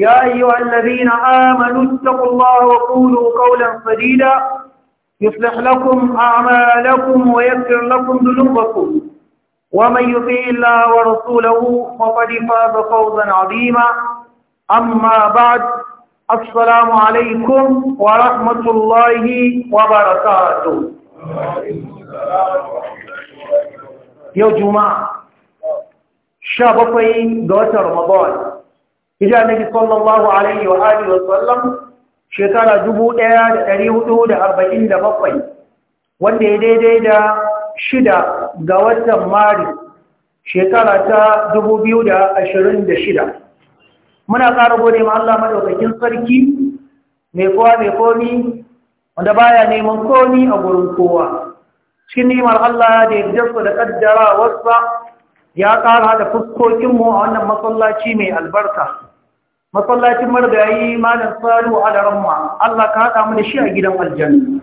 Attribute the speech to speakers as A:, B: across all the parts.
A: يا أيها الذين آمنوا اتقوا الله وقولوا قولا سديدا يصلح لكم أعمالكم ويغفر لكم ذنوبكم ومن يطيع الله ورسوله فقد فاز فوزا عظيما
B: أما بعد السلام عليكم ورحمة الله وبركاته
A: يا جماعة شابقين دوت رمضان hijira nabi sallallahu alaihi wa alihi wa sallam shekara 1447 wanda ya daidai da shida ga watan maris shekara ta 2026 muna ƙara gode ma Allah maɗaukakin sarki mai kowa mai komi wanda baya neman komi a gurin kowa cikin nimar Allah da yarjarsa da kaddara wasa ya ƙara da fuskokinmu a wannan masallaci mai albarka masallacin yi malam salu ala ramma Allah ka haɗa mana shi a gidan aljanna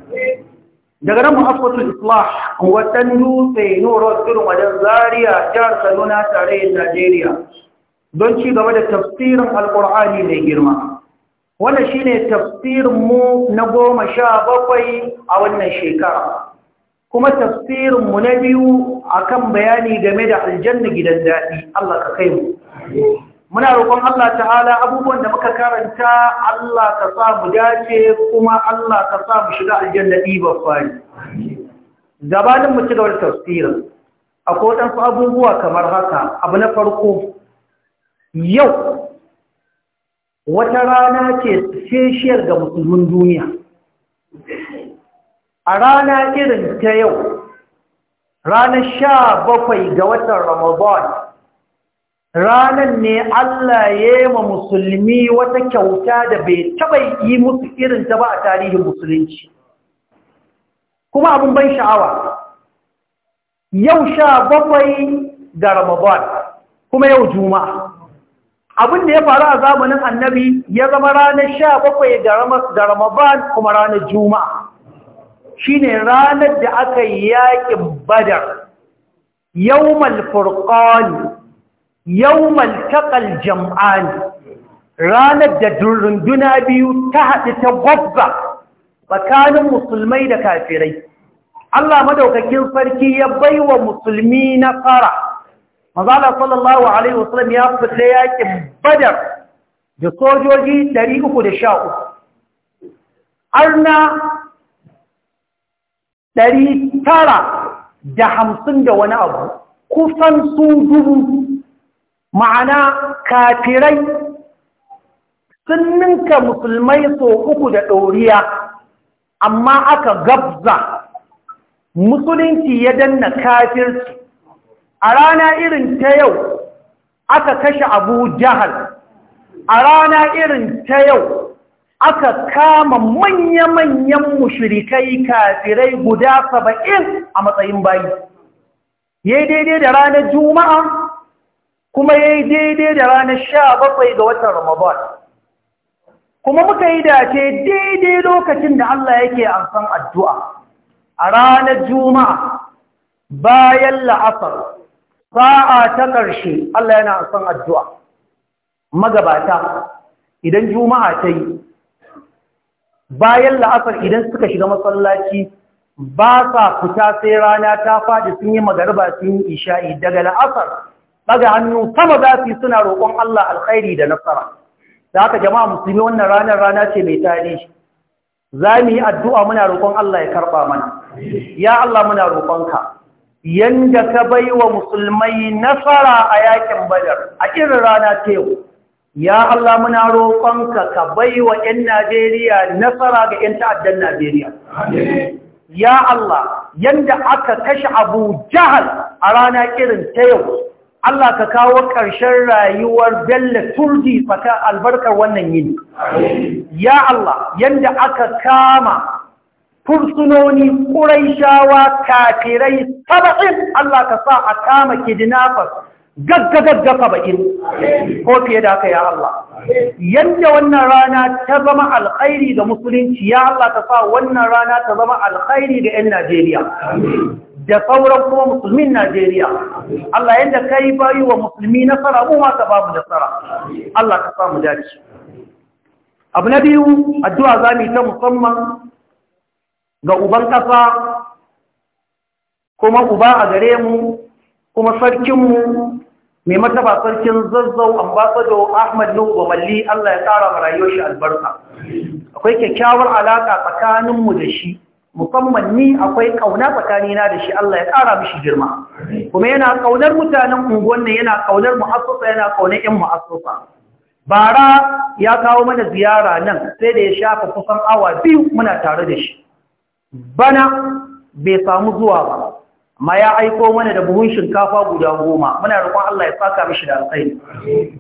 A: daga nan mu'affatul islah watan nutse nuro irin wajen Zariya jihar kaduna da najeriya don ci gaba da tafsirin alkur'ani mai girma wannan shine tafsirin mu na goma sha bakwai a wannan shekara kuma tafsirin mu na biyu a kan bayani game da aljanna gidan daɗi Allah ka kai mu muna roƙon Allah ta'ala abubuwan da muka karanta Allah ka sa mu dace kuma Allah ka sa mu shiga aljanna ɗiban fari gabanin mu ci gaba da tafsirin akwai waɗansu abubuwa kamar haka abu na farko yau wata rana ce special ga musulmin duniya a rana irin ta yau ranar sha bakwai ga watan ramadan ranan ne Allah ya yi ma musulmi wata kyauta da bai taɓa yi musu irin ta ba a tarihin musulunci kuma abin ban sha'awa yau sha bakwai ga ramadan kuma yau juma'a abin da ya faru a zamanin annabi ya zama ranar sha bakwai ga ramadan kuma ranar juma'a shi ne ranar da aka yi yaƙin badar yau malfurƙani Yau taqal Jam'ani, ranar da runduna biyu ta haɗu ta gwabba tsakanin musulmai da kafirai Allah madaukakin sarki ya baiwa musulmi na fara mazala sallallahu alaihi wasallam ya fita yakin badar da sojoji 313 arna ɗari tara da hamsin da wani abu kusan su dubu ma'ana kafirai sun ninka musulmai so uku da ɗoriya amma aka gabza musulunci ya danna kafirci a rana irin ta yau aka kashe abu jahal a rana irin ta yau aka kama manya-manyan mushirikai kafirai guda saba'in a matsayin bayi. Yai daidai da ranar Juma'a kuma ya yi daidai da ranar sha bakwai ga watan Ramadan. Kuma muka yi dace daidai lokacin da Allah yake amsan addu'a a ranar Juma'a bayan la'asar, sa'a ta ƙarshe Allah yana amsan addu'a. Magabata, idan Juma'a ta yi, bayan la'asar idan suka shiga masallaci ba sa fita sai rana ta faɗi sun yi magarba sun yi isha'i daga la'asar. daga hannu sama za su suna roƙon Allah alkhairi da nasara da haka jama'a musulmi wannan ranar rana ce mai tarihi za mu yi addu'a muna roƙon Allah ya karɓa mana ya Allah muna roƙonka yanda ka bai wa musulmai nasara a yakin badar a irin rana ce ya Allah muna roƙonka ka bai wa ‘yan Najeriya nasara ga ‘yan ta'addan Najeriya ya Allah yanda aka kashe abu jahal a rana irin ta yau Allah ka kawo ƙarshen rayuwar Bello Turdi faka albarkar wannan yini. Ya Allah, yadda aka kama fursunoni ƙuraishawa kafirai saba'in Allah ka sa a kama kidnafas gaggagagga saba'in ko fiye da haka ya Allah. Yadda wannan rana ta zama alkhairi ga musulunci, ya Allah ka sa wannan rana ta zama alkhairi ga 'yan Najeriya. da sauran kuma musulmin Najeriya. Allah yadda ka yi bayi wa musulmi nasara mu ma ka ba mu nasara. Allah ka samu dace. Abu na biyu addu'a za mu yi ta musamman ga uban ƙasa kuma uba a gare mu kuma sarkinmu mai mataba sarkin zazzau ambasado Ahmad Nuhu Bamalli Allah ya tsara ma rayuwar shi albarka. Akwai kyakkyawar alaƙa tsakaninmu da shi. musamman ni akwai kauna tsakanina da shi Allah ya ƙara mishi girma kuma yana ƙaunar mutanen unguwan nan yana ƙaunar mu'assasa yana kaunar ƴan mu'assasa bara ya kawo mana ziyara nan sai da ya shafa kusan awa biyu muna tare da shi bana bai samu zuwa ba amma ya aiko mana da buhun shinkafa guda goma muna roƙon Allah ya saka mishi da alƙai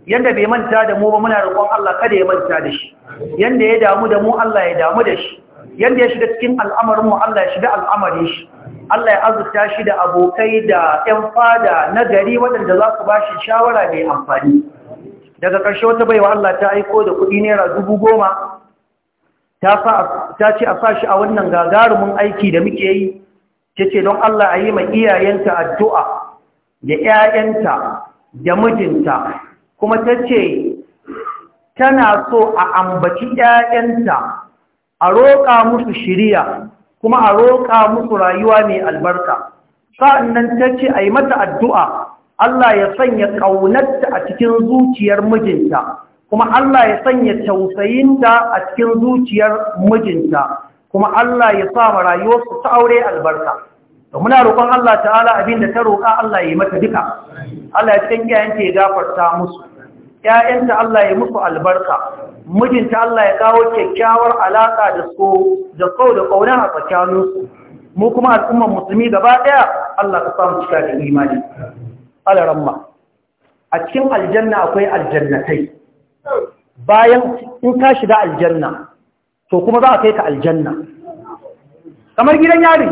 A: yanda bai manta da mu ba muna roƙon Allah kada ya manta da shi yanda ya damu da mu Allah ya damu da shi yadda ya shiga cikin al'amarinmu Allah ya shiga al'amarin shi Allah ya azurta shi da abokai da ‘yan fada na gari waɗanda za su ba shi shawara mai amfani daga ƙarshe wata baiwa Allah ta aiko da kuɗi naira dubu goma ta ce a sa shi a wannan gagarumin aiki da muke yi ta ce don Allah a yi ma iyayenta addu'a da ‘ya'yanta da mijinta kuma ta ce tana so a ambaci ‘ya'yanta a roƙa musu shiriya kuma a roƙa musu rayuwa mai albarka sa'annan ta ce a yi mata addu'a Allah ya sanya ƙaunarta a cikin zuciyar mijinta kuma Allah ya sanya tausayinta a cikin zuciyar mijinta kuma Allah ya sa ma rayuwarsu ta aure albarka Da muna roƙon Allah ta'ala abin da ta roƙa Allah ya yi mata duka Allah ya cikin yayanta ya gafarta musu ‘ya'yanta Allah ya musu albarka, mijinta Allah ya kawo kyakkyawar alaƙa da su da kau da ƙauna a tsakaninsu, mu kuma al'ummar musulmi gaba ɗaya Allah ka samu cika da imani. Alaramma, a cikin aljanna akwai aljannatai, bayan in ka shiga aljanna, to kuma za a kai ka aljanna. Kamar gidan yari,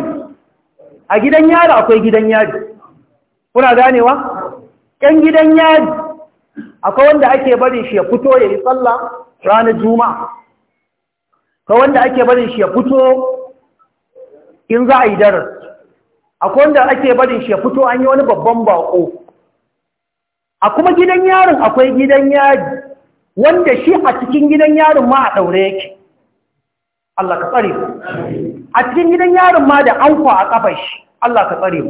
A: a gidan yari akwai gidan yari, kuna ganewa? ‘Yan gidan yari akwai wanda ake barin shi ya fito ya yi tsalla ranar juma'a akwai wanda ake barin shi ya fito in za a yi darar akwai wanda ake barin shi ya fito an yi wani babban bako a kuma gidan yarin akwai gidan yari wanda shi a cikin gidan yarin ma a ɗaure yake Allah ka tsare a cikin gidan yarin ma da anko a kafa shi Allah ka tsare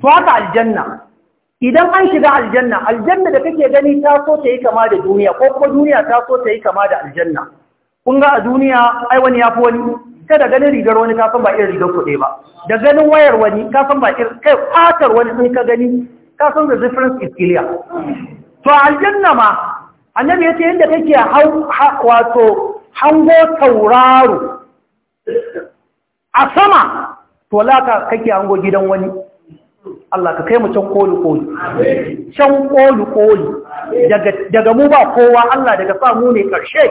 A: to haka aljanna idan an shiga aljanna aljanna da kake gani ta so ta yi kama da duniya ko kuma duniya ta so ta yi kama da aljanna kun ga a duniya ai wani ya fi wani kada ganin rigar wani kasan ba irin rigar kuɗe ba da ganin wayar wani kasan ba irin kai fatar wani sun ka gani kasan da difference is clear to aljanna ma annabi yace yadda kake wato hango tauraro a sama to laka kake hango gidan wani Allah ka kai mu can koli koli can koli koli daga mu ba kowa Allah daga sa mu ne ƙarshe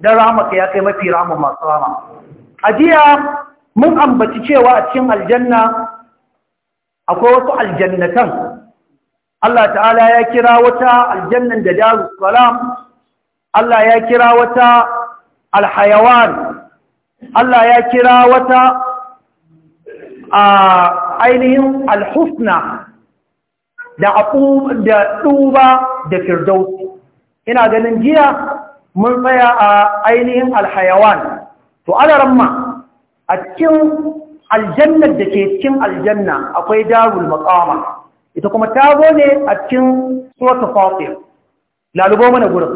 A: dan ka ya kai mafi Rahama masu rama. A jiya mun ambaci cewa a cikin aljanna akwai wasu aljannatan Allah ta'ala ya kira wata aljannan da darus salam Allah ya kira wata alhayawan Allah ya kira wata a ainihin alhusna da ɗuba da firdausi ina ganin jiya mun tsaya a ainihin alhayawan to alaramma a cikin aljannar da ke cikin aljanna akwai darul makama ita kuma ta zo ne a cikin suwata fatir lalubo mana gurin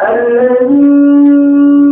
B: الذين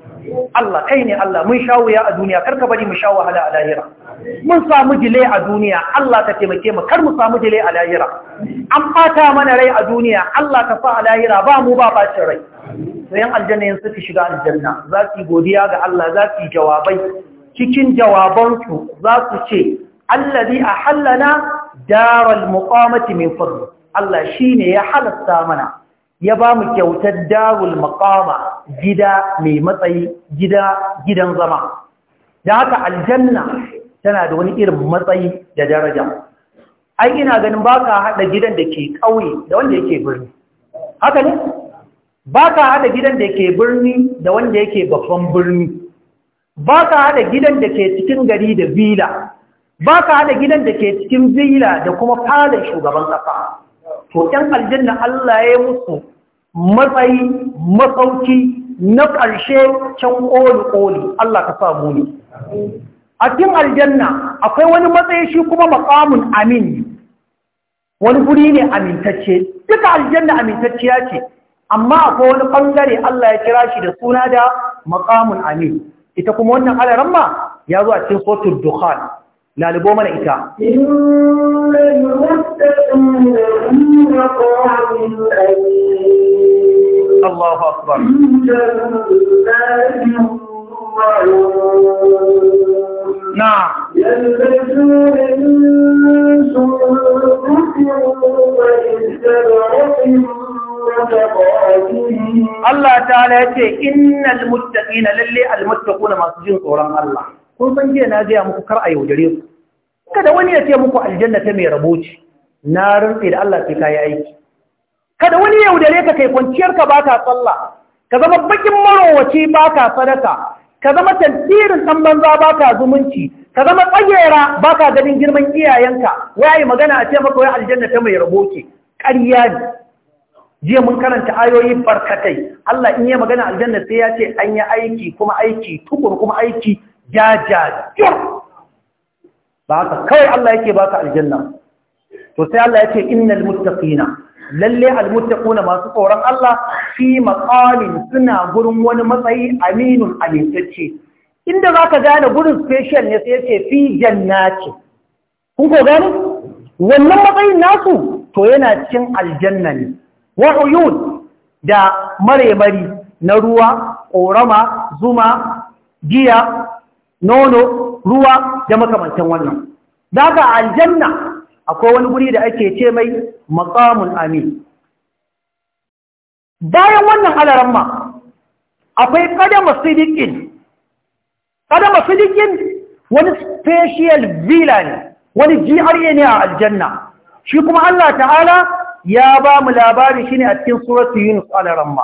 A: Allah kai ne Allah mun sha ya a duniya karka bari mu sha wahala a lahira mun samu jile a duniya Allah ka taimake mu kar mu samu jile a lahira an fata mana rai a duniya Allah ka sa a lahira ba mu ba bacin rai to yan aljanna yan suka shiga aljanna za su yi godiya ga Allah za su yi jawabai cikin jawabansu za su ce allazi ahallana daral muqamati min fadli Allah shine ya halasta mana ya ba mu kyautar darul maqama gida mai matsayi gida gidan zama da haka aljanna tana da wani irin matsayi da daraja ai ina ganin baka hada gidan da ke kauye da wanda yake birni haka ne baka hada gidan da ke birni da wanda yake babban birni baka hada gidan da ke cikin gari da villa baka hada gidan da ke cikin villa da kuma falon shugaban kasa to ɗan aljanna Allah ya yi musu matsayi matsauki na ƙarshe can ƙoli-ƙoli Allah ka samu ne. A cikin aljanna akwai wani matsayi shi kuma makamun amin wani guri ne amintacce, duka aljanna amintacciya ce, amma akwai wani ɓangare Allah ya kira shi da suna da makamun amin. Ita kuma wannan alaramma ya zo a cikin sotul Dukhan. lalubo mana ita
B: Allahu akbar نعم يلبسون من
A: Allah ta'ala ya ce innal muttaqina lalle al muttaquna masu jin tsoron Allah kun san jiya na je muku kar a yaudare ku kada wani ya ce muku aljanna ta mai rabo ce na rantsi da Allah sai kayi aiki kada wani yaudare ka kai kwanciyar ka baka sallah ka zama bakin marowaci baka sadaka ka zama tantirin san banza baka zumunci ka zama tsagera baka ganin girman iyayenka waye magana a ce maka wai aljanna ta mai rabo ce ƙarya ne jiya mun karanta ayoyi barkatai Allah in ya magana aljanna sai ya ce an yi aiki kuma aiki tukur kuma aiki jajajur ba haka kawai Allah yake baka aljanna to sai Allah yake innal muttaqina lalle almuttaquna masu tsoron Allah fi maqalin suna gurin wani matsayi aminun amintacce inda zaka gane gurin special ne sai yace fi jannati kun ko gani? wannan matsayin nasu to yana cikin aljanna ne wa uyun da mare mari na ruwa ƙorama zuma giya nono ruwa da makamantan wannan daga aljanna akwai wani guri da ake ce mai maqamul amin bayan wannan alaramma akwai kadama sidikin kadama wani special villa ne wani GRA ne a aljanna shi kuma Allah ta'ala ya ba mu labari shine a cikin suratu Yunus alaramma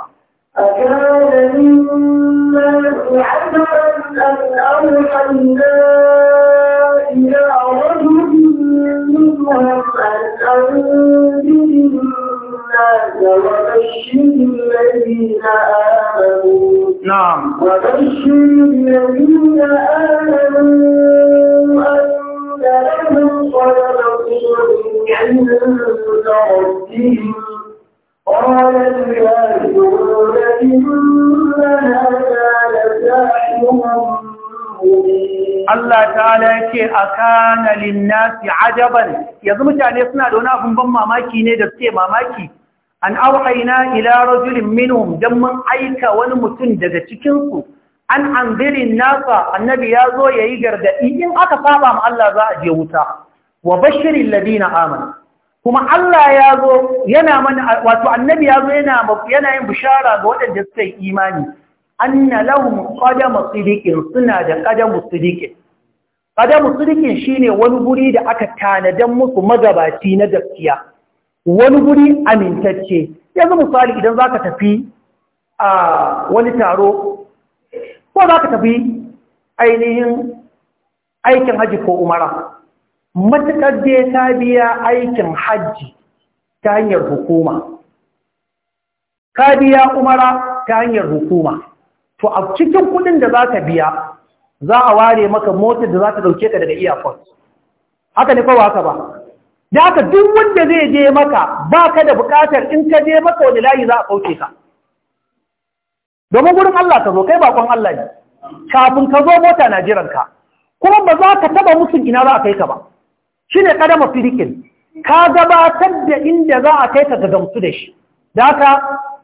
B: أن نعم. أوحينا إلى رجل أن الناس وبشر الذين آمنوا نعم وبشر الذين آمنوا أن لهم قال إن هذا
A: Allah ta'ala a kanalin nasi ajaban yanzu mutane suna da wani abin ban mamaki ne da suke mamaki an auhaina ila rajulin minhum dan mun aika wani mutum daga cikin su an anzirin nasa annabi ya zo yayi gargadi in aka saba ma Allah za a je wuta wa bashirin ladina amanu kuma Allah ya zo yana mana wato annabi ya zo yana yana yin bishara ga waɗanda suka yi imani anna lahum qadama sidiqin suna da qadama sidiqin qadama sidiqin shine wani guri da aka tanadan musu magabaci na gaskiya wani guri amintacce yanzu misali idan zaka tafi a wani taro ko zaka tafi ainihin aikin haji ko umara matakar da ta biya aikin hajji ta hanyar hukuma ka biya umara ta hanyar hukuma to a cikin kudin da za ka biya za a ware maka motar da za ta dauke ka daga airport haka ne kowa haka ba da haka duk wanda zai je maka ba ka da bukatar in ka je maka wani layi za a kauce ka domin gurin Allah ka zo kai bakon Allah ne kafin ka zo mota na jiran ka kuma ba za ka taba musun ina za a kai ka ba shine kadama firikin ka gabatar da inda za a kai ka ga gamsu da shi da haka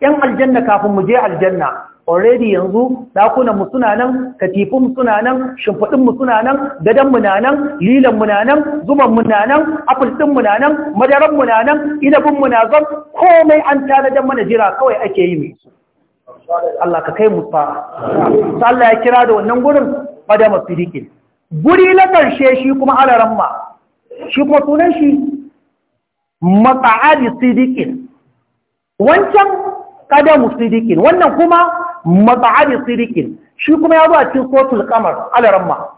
A: yan aljanna kafin mu je aljanna already yanzu dakunan mu suna nan katifin mu suna nan shimfidin mu suna nan gadan mu na nan lilan mu na nan zuman mu na nan apple din mu na nan madaran mu na nan inabin mu na zan komai an tanadan mana jira kawai ake yi mai Allah ka kai mu fa Allah ya kira da wannan gurin madama fidikin guri na karshe shi kuma ramma, shi kuma sunan shi matsa'adi sidikin wancan mu sidikin wannan kuma matsa'adi sirikin shi kuma ya zo a cikin sotul kamar alaramma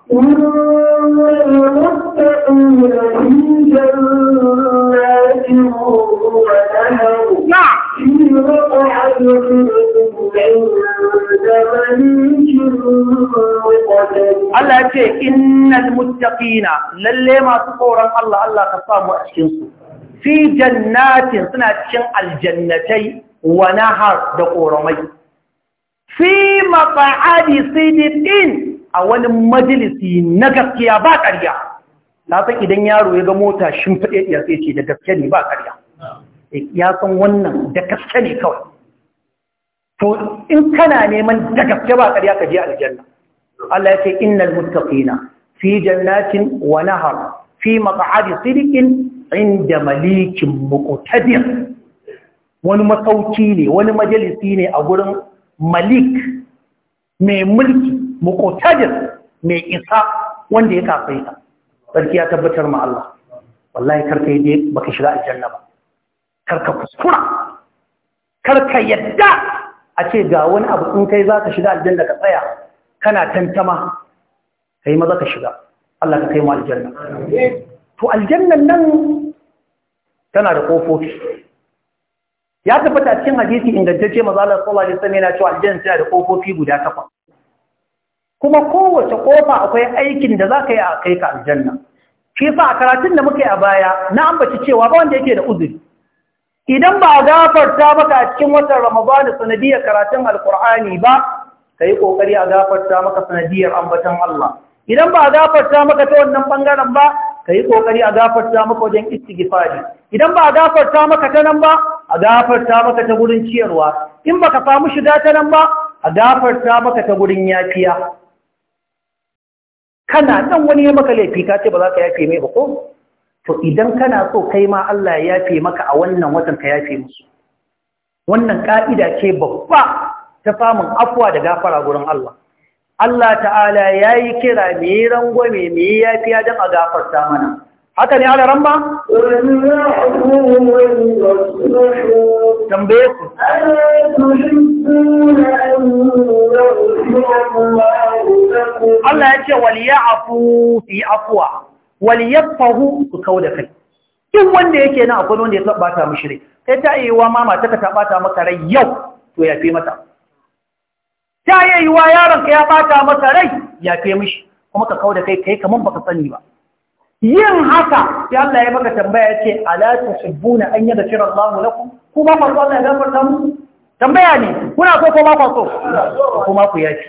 A: Allah ya ce innal muttaqina lalle masu tsoron Allah Allah ka samu a cikin su fi jannatin suna cikin aljannatai wa nahar da ƙoramai fi maq'adi sidiqin a wani majalisi na gaskiya ba ƙarya na san idan yaro ya ga mota shimfiɗe ya sai ce da gaske ne ba ƙarya eh, ya san wannan da gaske ne kawai to in kana neman da gaske ba ƙarya ka je aljanna Allah ya ce innal muttaqina fi jannatin wa nahar fi maq'adi sidiqin inda malikin muqtadir wani masauki ne wani majalisi ne a gurin malik mai mulki mukotajir mai isa wanda ya kafai ta sarki ya tabbatar ma Allah wallahi karka yi baka shiga aljanna ba karka kuskura karka yadda a ce ga wani abu in kai zaka shiga aljanna ka tsaya kana tantama kai maza ka shiga Allah ka kai mu aljanna to aljannan nan tana da kofofi. ya tabbata cikin hadisi ingantacce mazalar Allah sallallahu alaihi wasallam yana cewa aljanna tana da kofofi guda takwas kuma kowace kofa akwai aikin da zaka yi a kai ka aljanna shi fa a karatun da muka yi a baya na ambaci cewa ba wanda yake da uzuri idan ba a gafarta maka a cikin watan ramadan sanadiyar karatun alkur'ani ba ka yi a gafarta maka sanadiyar ambatan Allah idan ba a gafarta maka ta wannan bangaren ba ka yi ƙoƙari a gafarta maka wajen istighfari idan ba a gafarta maka ta nan ba a gafarta maka ta gudun ciyarwa in ba ka samu shiga ta nan ba a gafarta maka ta gudun yafiya kana nan wani ya maka laifi ka ce ba za ka yafe mai ba ko to idan kana so kai ma Allah ya yafe maka a wannan watan ka yafe musu wannan ka'ida ce babba ta samun afuwa da gafara gurin Allah Allah ta'ala ya yi kira mai rangwame mai yafiya dan a gafarta mana haka ne alaran ba?
B: tambaye Allah
A: ya ce waliya afu fi afuwa waliya fahu su kawo da kai duk wanda yake na akwai wanda ya ta mashirai, kai ta yi wa mama ta ka ta maka rai yau to ya fi mata ta yi wa yaron ka ya ɓata maka rai ya fi mashi, kuma ka kawo da kai kai ba baka sani ba yin haka sai Allah ya maka tambaya ce ala tuhibbuna an yaghfira Allah lakum ku ba farko Allah ya gafarta mu tambaya ne kuna so ko ba ku so kuma ku yaki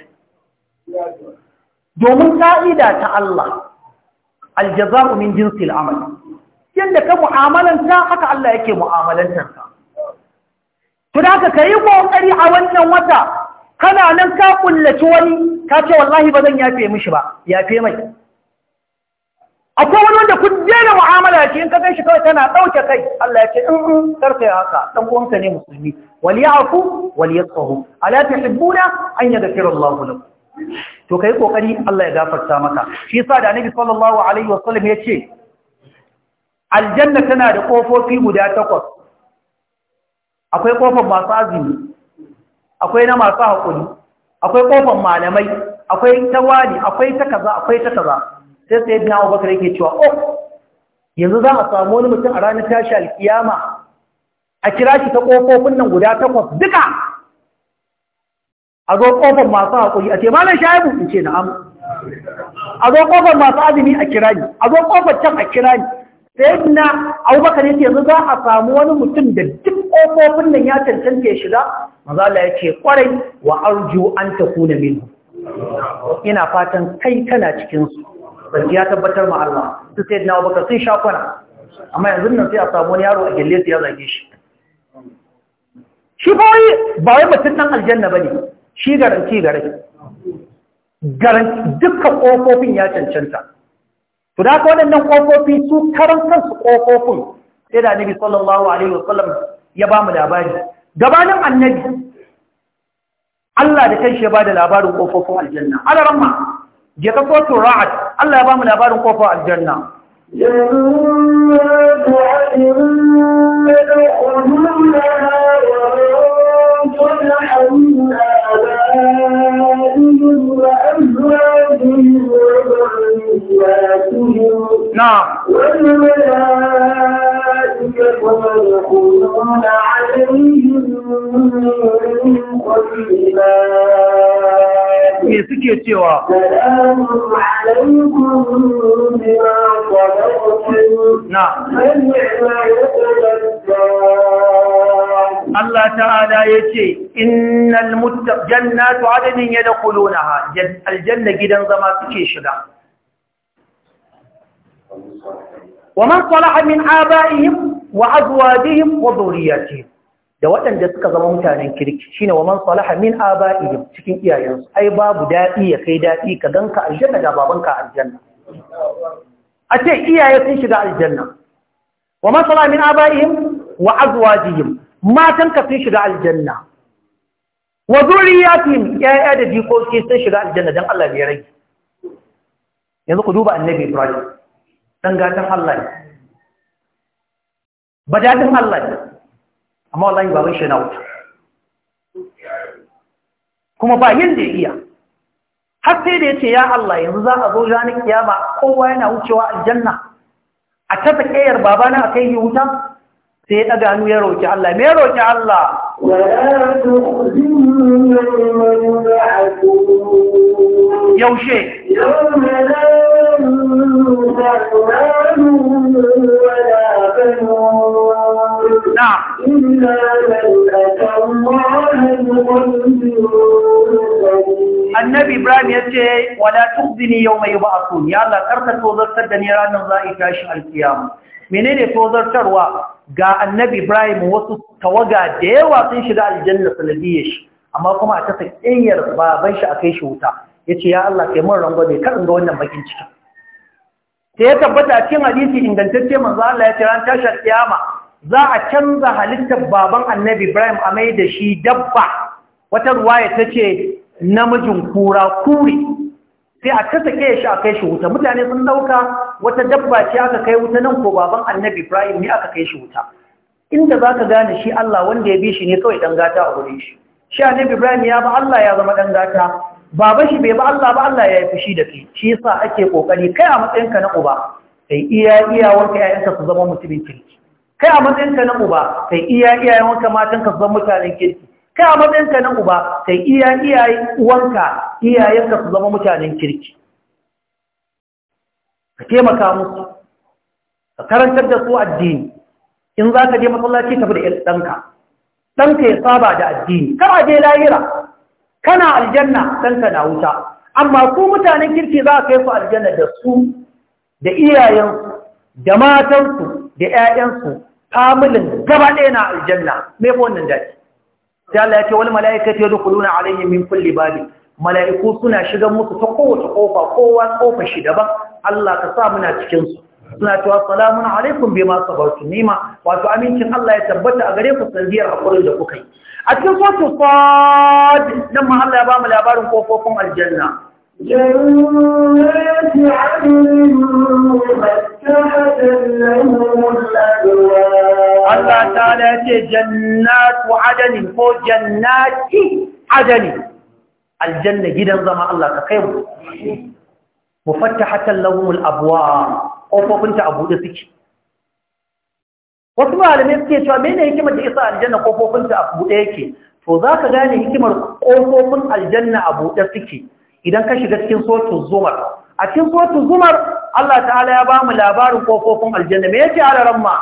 A: domin ka'ida ta Allah aljaza'u min jinsi al'amal yanda ka mu'amalanta haka Allah yake mu'amalantar ka to da ka kai kokari a wannan wata kana nan ka kullaci wani ka ce wallahi ba zan yafe mishi ba yafe mai akwai wani wanda kun daina mu'amala shi in ka ganshi kawai tana ɗauke kai Allah ya ce in mm, mm, karka yi haka dan uwanka ne musulmi wal ya'fu wal yasfahu ala tuhibbuna an yaghfira Allahu lakum to kai kokari Allah ya gafarta maka shi yasa da Annabi sallallahu alaihi wasallam ya ce aljanna tana da kofofi guda takwas akwai kofar masu azumi akwai na masu haƙuri akwai kofar malamai akwai ta wani akwai ta kaza akwai ta kaza sai sai na abubakar yake cewa oh yanzu za a samu wani mutum a ranar tashi alkiyama a kira shi ta ƙofofin nan guda takwas duka a zo ƙofar masu haƙuri a ce malam shaibu in ce na'am a zo ƙofar masu azumi a kira ni a zo ƙofar can a kira ni sai na abubakar yake yanzu za a samu wani mutum da duk ƙofofin nan ya cancanta ya shiga maza ya ce kwarai wa arju an ta kuna minhu ina fatan kai kana cikinsu baki ya tabbatar ma Allah su sai na baka sun sha kwana amma yanzu nan sai a samu wani yaro a gelle su ya zage shi shi ba wai ba wai mutum dan aljanna bane shi garanti gare garanti dukkan kofofin ya cancanta to da haka wannan kofofi su karan kansu kofofin sai da nabi sallallahu alaihi wasallam ya ba mu labari gabanin annabi Allah da kanshi ya ba da labarin kofofin aljanna alaramma je ka kotun ra'ad Allah ya ba mu labarin kofa aljanna
B: نعم والملائكة ذلك وما يقولون عليهم من قبيلات سلام عليكم
A: Allah ta'ala ya ce, Innal jannatu adadin ya da kuluna aljanna gidan zama suke shiga. ومن صلح من آبائهم وأزواجهم وذرياتهم da waɗanda suka zama mutanen kirki shine wa man salaha min aba'ihim cikin iyayensu ai babu daɗi ya kai daɗi ka ganka aljanna da babanka aljanna a ce iyaye sun shiga aljanna wa man salaha min aba'ihim wa azwajihim matan ka sun shiga aljanna wa zuriyatihim yaya da jikoki sun shiga aljanna dan Allah ya rage yanzu ku duba annabi Ibrahim dan gatan Allah ne badadin Allah ne amma wallahi baban shi na wuta kuma ba yanda ya iya har sai da yace ya Allah yanzu za a zo ranar kiyama kowa yana wucewa aljanna a tafa kiyar babana kai yi wuta sai ya ɗaga hannu ya roƙi Allah me ya roƙi Allah
B: yaushe annabi ibrahim ya
A: ce wala tukhzini yawma yub'athun ya Allah karka tozartar da ni ranar za'i tashi alkiyama menene tozartarwa ga annabi Ibrahim wasu tawaga da yawa sun shiga aljanna sanadiyar shi amma kuma a tasa ƙinyar baban shi a kai shi wuta ya ce ya Allah kai mun rangwame karin in ga wannan bakin ciki ta ya tabbata a cikin hadisi ingantacce manzo Allah ya ce ran tashar kiyama za a canza halittar baban annabi Ibrahim a mai da shi dabba wata ruwaya ta ce namijin kura kuri sai a kasa ke shi a kai shi wuta mutane sun dauka wata dabba ce aka kai wuta nan ko baban annabi ibrahim ne aka kai shi wuta inda za ka gane shi allah wanda ya bi shi ne kawai dan gata a wurin shi shi annabi ibrahim ya ba allah ya zama dan gata baba shi bai ba allah ba allah ya yi fushi da kai shi yasa ake kokari kai a matsayinka na uba kai iya iya wanka yayanka su zama mutumin kirki kai a ka na uba kai iya iya wanka ka su zama mutanen kirki kai a matsayinka na uba kai iya iyayen uwanka iyayenka su zama mutanen kirki ka taimaka musu ka karantar da su addini in za ka je masallaci tafi da ɗanka ɗanka ya saba da addini kar a je lahira kana aljanna ɗanka na wuta amma ku mutanen kirki za ka yi su aljanna da su da iyayensu da matansu da ‘ya'yansu familin gaba ɗaya na aljanna mai wannan daji sai Allah ya ce wal mala'ikatu yadkhuluna alaihim min kulli babin mala'iku suna shiga musu ta kowace kofa kowa kofa shi daban Allah ka sa muna cikin su suna cewa salamun alaikum masu sabartu nima wato amincin Allah ya tabbata a gare ku sanziyar haƙurin da kuka yi a cikin sautu sad nan ma Allah ya ba mu labarin kofofin aljanna
B: جنات عدن مفتحة لهم الأبواب
A: الله تعالى جنات عدن فوق جنات عدن الجنة جدا زما الله كخير مفتحة لهم الأبواب وفوق انت أبو دسك wasu malamai suke cewa mene hikimar da isa aljanna kofofinta a buɗe yake to za ka gane hikimar kofofin aljanna a buɗe suke idan ka shiga cikin suratul zumar a cikin suratul zumar Allah ta'ala ya bamu labarin kofofin aljanna me yake ala
B: ramma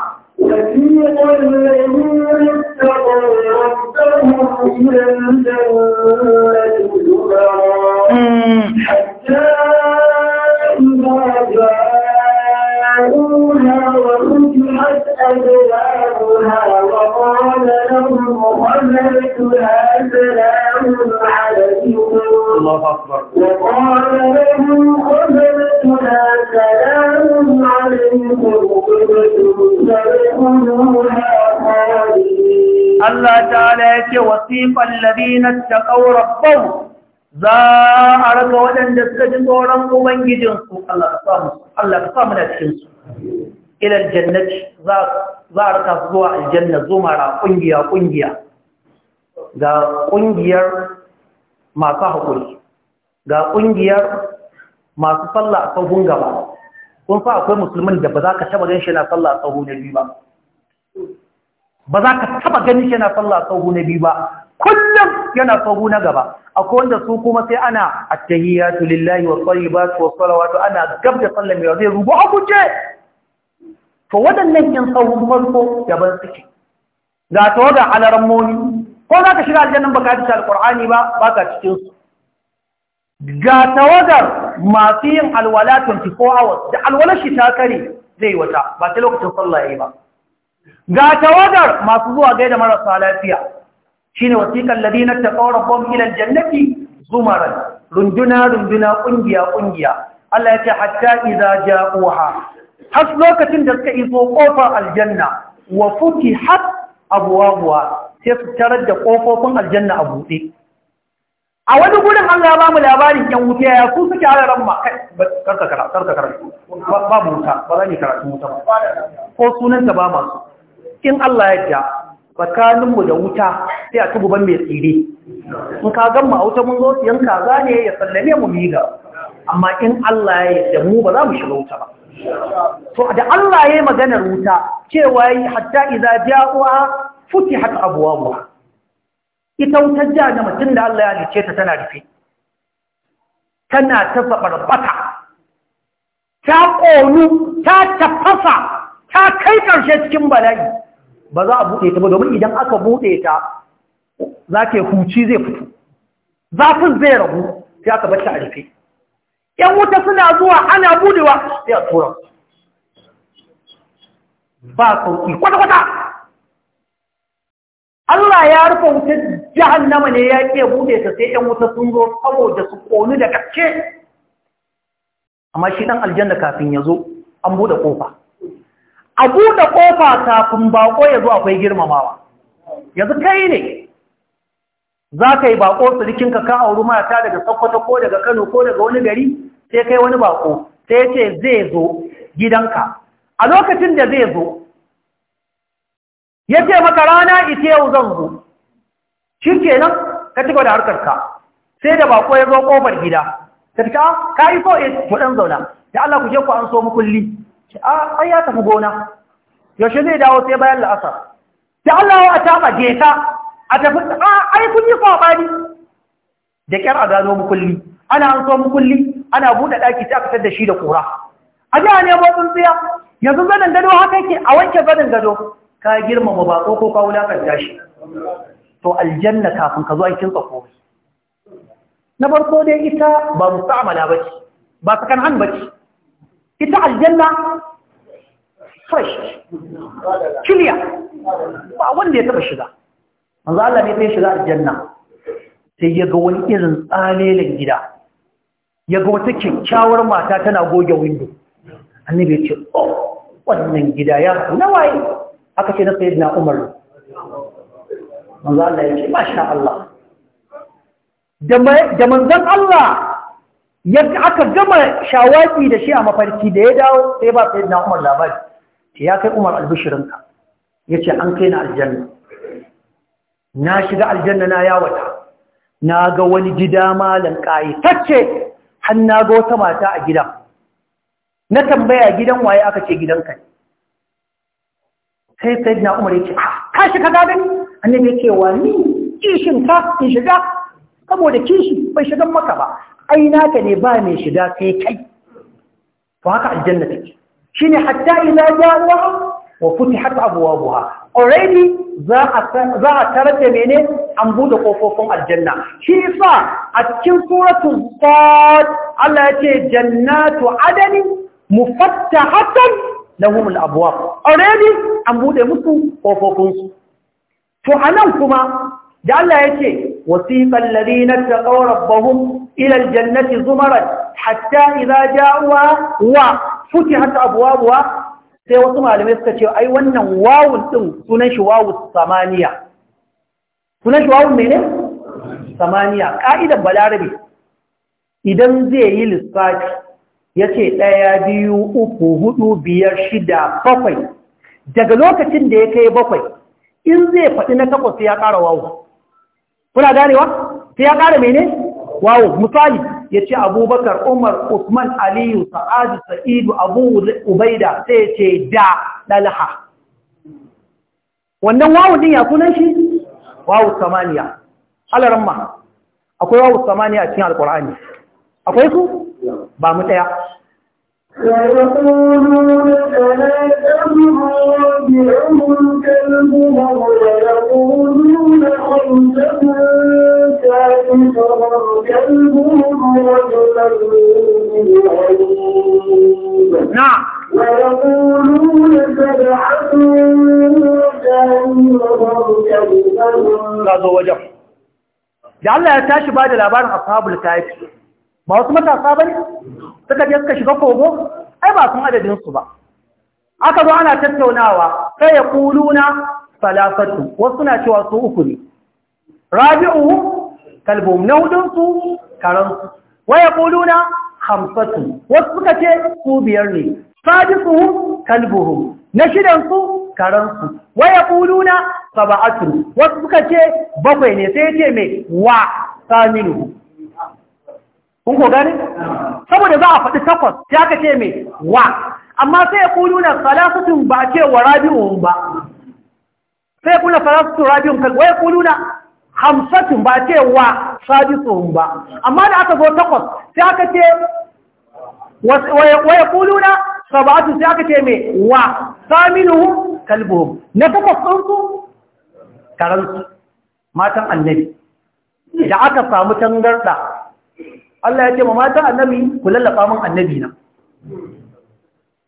B: وقال لهم خلقها سلام عليكم الله أكبر وقال لهم خذوا لا سلام عليكم
A: الله تعالى وصيف الذين اتقوا ربهم ذا أرك وجن دسجن قولم ومن جدن الله قام الله قام إلى الجنة ذا ذا أرك الجنة زمرة قنجيا قنجيا ذا قنجيا masu haƙuri ga ƙungiyar masu sallah a sahun gaba kun fa akwai musulmin da ba za ka taba ganin shi na sallah a sahu na biyu ba ba za ka taba ganin shi na sallah a sahu na biyu ba kullum yana sahu na gaba akwai wanda su kuma sai ana attahiyatu lillahi wa tsari tayyibatu wa salawatu ana gab da sallar mai zai rubu a guje to waɗannan yan sahun farko daban suke ga tawaga alaran moni ko za ka shiga aljannan baka hadisi alƙur'ani ba baka cikin su ga tawagar masu yin alwala 24 hours da alwalar shi ta kare zai wata ba ta lokacin sallah yayi ba ga tawagar masu zuwa gaida marasa lafiya shine wasiqal ladina taqaw rabbahum ila jannati zumaran runduna runduna ƙungiya ƙungiya. Allah ya ce hatta idza ja'uha har lokacin da suka iso ƙofar aljanna wa futihat buwa. sai su tarar da ƙofofin aljanna a buɗe a wani gudun Allah ya mu labarin yan wuta ya su suke ala ran ma kai karka karatu ba mu wuta ba za ni karatu wuta ba ko sunan ta ba masu in Allah ya ja tsakanin mu da wuta sai a tububan mai tsire in ka gan mu a wuta mun zo 'Yan kaza ne ya sallame mu miga amma in Allah ya yarda mu ba za mu shiga wuta ba to da Allah ya yi maganar wuta cewa hatta idza ja'uha futihat abwabuha ita wutar da mutum da Allah ya halice ta tana rufe tana ta barbata ta ƙonu ta tafasa ta kai ƙarshe cikin bala'i ba za a buɗe ta ba domin idan aka buɗe ta za ta huci zai fito zafin zai ragu sai aka bata a rufe ‘yan wuta suna zuwa ana budewa sai a tura ba sauƙi kwata-kwata Allah ya rufe wutar jahannama ne ya ke bude ta sai ‘yan wuta sun zo saboda su ƙoni da ƙarshe. Amma shi ɗan aljanna kafin ya zo, an bude ƙofa. A bude ƙofa kafin baƙo ya zo akwai girmamawa. Yanzu kai ne, za ka yi baƙo su surikinka ka auru mata daga Sokoto ko daga Kano ko daga wani gari, sai kai wani baƙo, sai ce zai zo gidanka. A lokacin da zai zo, ya ce maka rana ita yau zan zo shi kenan ka ci da harkarka sai da bako ya zo kofar gida ta fi ah, ka yi so in eh, ɗan zauna da Allah ku je an so mu kulli a ah, ai ya tafi gona yaushe zai dawo sai bayan la'asa da Allah wa ta ma geta a tafi a ah, ai kun yi kwabani da kyar a gano mu kulli ana an so mu kulli ana buɗe ɗaki ta fitar da shi da kura a ji a nemo tsuntsiya yanzu zanen gado haka yake a wanke zanen gado ka girmama bako ko ka wulakanta shi to aljanna kafin ka zo an kinsa komai na farko dai ita ba musta'amala bace ba sakan han bace ita aljanna fresh
B: clear ba wanda
A: ya taba shiga manzo Allah ne sai shiga aljanna sai ya ga wani irin tsalelen gida ya ga wata kyakkyawar mata tana goge window annabi ya ce oh wannan gida ya na waye aka ce na sayyidina umar manzo Allah ya ce masha Allah da manzon Allah ya aka gama shawaki da shi a mafarki da ya dawo sai ba sayyidina umar labari ya kai umar albishirinka ya ce an kai na aljanna na shiga aljanna na yawata na ga wani gida malan ƙayitacce har na ga wata mata a gidan na tambaya gidan waye aka ce gidan kai sai sai na umar yake ah, ka shiga gadon annabi yake wa ni kishin ka in shiga da kishi bai shigan maka ba ai naka ne ba mai shiga sai kai to haka aljanna take shine hatta idza ja'uha wa futihat abwabuha already za a za a tarata mene an bude kofofin aljanna shi yasa a cikin suratul fat? Allah ya ce jannatu adani mufattahatan lahumul abwab already an bude musu ƙofofinsu. su to anan kuma da Allah yake wasiqal ladina taqaw rabbahum ila aljannati zumaran hatta idza ja'uha wa futihat abwabuha sai wasu malamai suka ce ai wannan wawun din sunan shi wawu samaniya sunan shi wawun mene samaniya ka'idan balarabe idan zai yi lissafi ya ce ɗaya biyu uku hudu biyar shida bakwai daga lokacin da ya kai bakwai in zai faɗi na takwas ya ƙara wawo kuna ganewa sai ya ƙara mene wawo misali ya ce abubakar umar usman aliyu sa'adu sa'idu abu ubaida sai ya ce da ɗalha wannan wawo din ya kunan shi wawo samaniya alaramma akwai wawo samaniya a cikin alkur'ani akwai
B: su ويقولون ثلاثة ويقولون نعم ويقولون سبعة ثامنهم كلبهم.
A: لا زوجهم. لعل تاشي بعد الأبان أصحاب الكائف. ba wasu matasa ba ne suka je suka shiga kogo ai ba sun su ba aka zo ana tattaunawa sai ya na salafatu wasu na cewa su uku ne rabi'u kalbum na hudunsu karansu kulu na hamsatu wasu suka ce su biyar ne sadisu Kalbu na shidansu karansu kulu na saba'atu wasu suka ce bakwai ne sai ce mai wa saminu kun ko saboda za a faɗi takwas ya ka ce mai wa amma sai ya kulu na salasatun ba ce wa rabi'un ba sai ya kulu salasatun rabi'un kan wai kulu na hamsatun ba ce wa sadisun ba amma da aka zo takwas sai aka ce waya kuluna sabatu sai aka ce mai wa saminuhu kalbuhum na takwas ɗinsu karansu matan annabi da aka samu tangarɗa Allah ya ce ma mata annabi ku lallaka min annabi na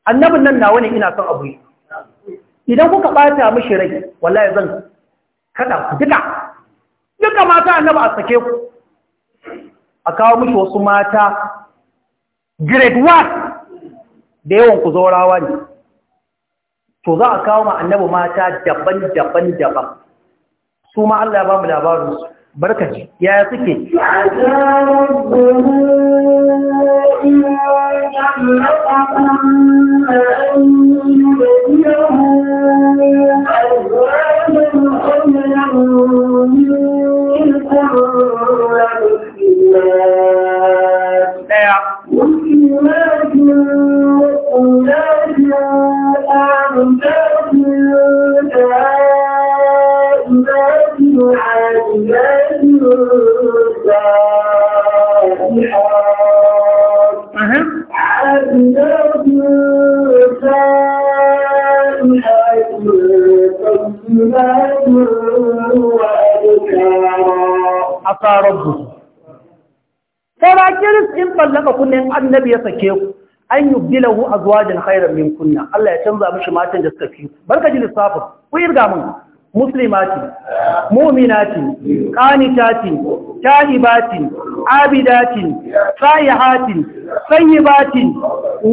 A: annabin nan nawa ne ina son abu idan kuka bata mishi rai wallahi zan kada ku duka duka mata annabi a sake ku a kawo mishi wasu mata grade 1 da yawan ku zorawa ne to za a kawo ma annabi mata daban-daban daban su ma Allah ya ba mu labarinsu barkaci ya suke
B: Thank you. asa
A: rabbu fara kiris in ballaka kunnen annabi ya sake ku an yi zuwa jin hairar min kunna Allah ya canza mishi matan da suka fi barka ji lissafin ku yi mun muslimati mu'minati qanitati tahibati abidati sayihati sayyibati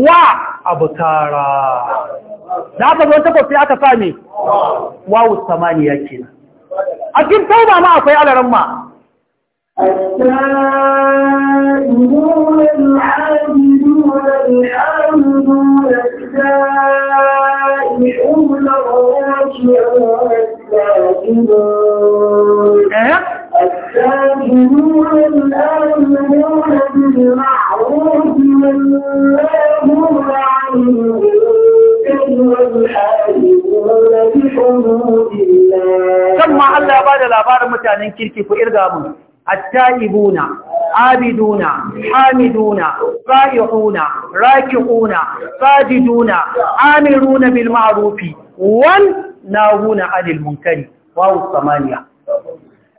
A: wa abkara da aka zo takwafi aka same wawu samaniya kenan a cikin tauba ma akwai alaran
B: السائلون العابدون الحامدون السائحون الراجعون الساجدون إيه؟ الساجدون الآمنون بالمعروف والناهون عن المنكر والحاربون بحدود الله ثم الله
A: بعد الأبار متعنين كيركي فإرقامون التائبون عابدون حامدون رائعون راكعون ساجدون عاملون بالمعروف والناهون عن المنكر واو الثمانية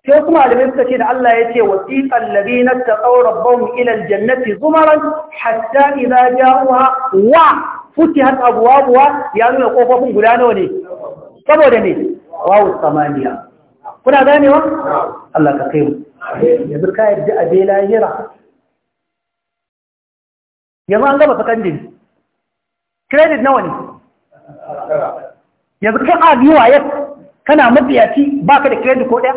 A: sai kuma alimin suka ce da Allah ya ce wasiƙan labina ta tsaurar bawon ilal jannati zumaran hatta idza ja'uha wa futihat abwabuha ya nuna kofofin guda nawa ne saboda wawu samaniya kuna ganewa Allah ka kai yanzu ka yadda a bai lahira yanzu an gaba sakandiri credit nawa ne yanzu kai a biyu waye kana mabiyaci ba ka da credit ko ɗaya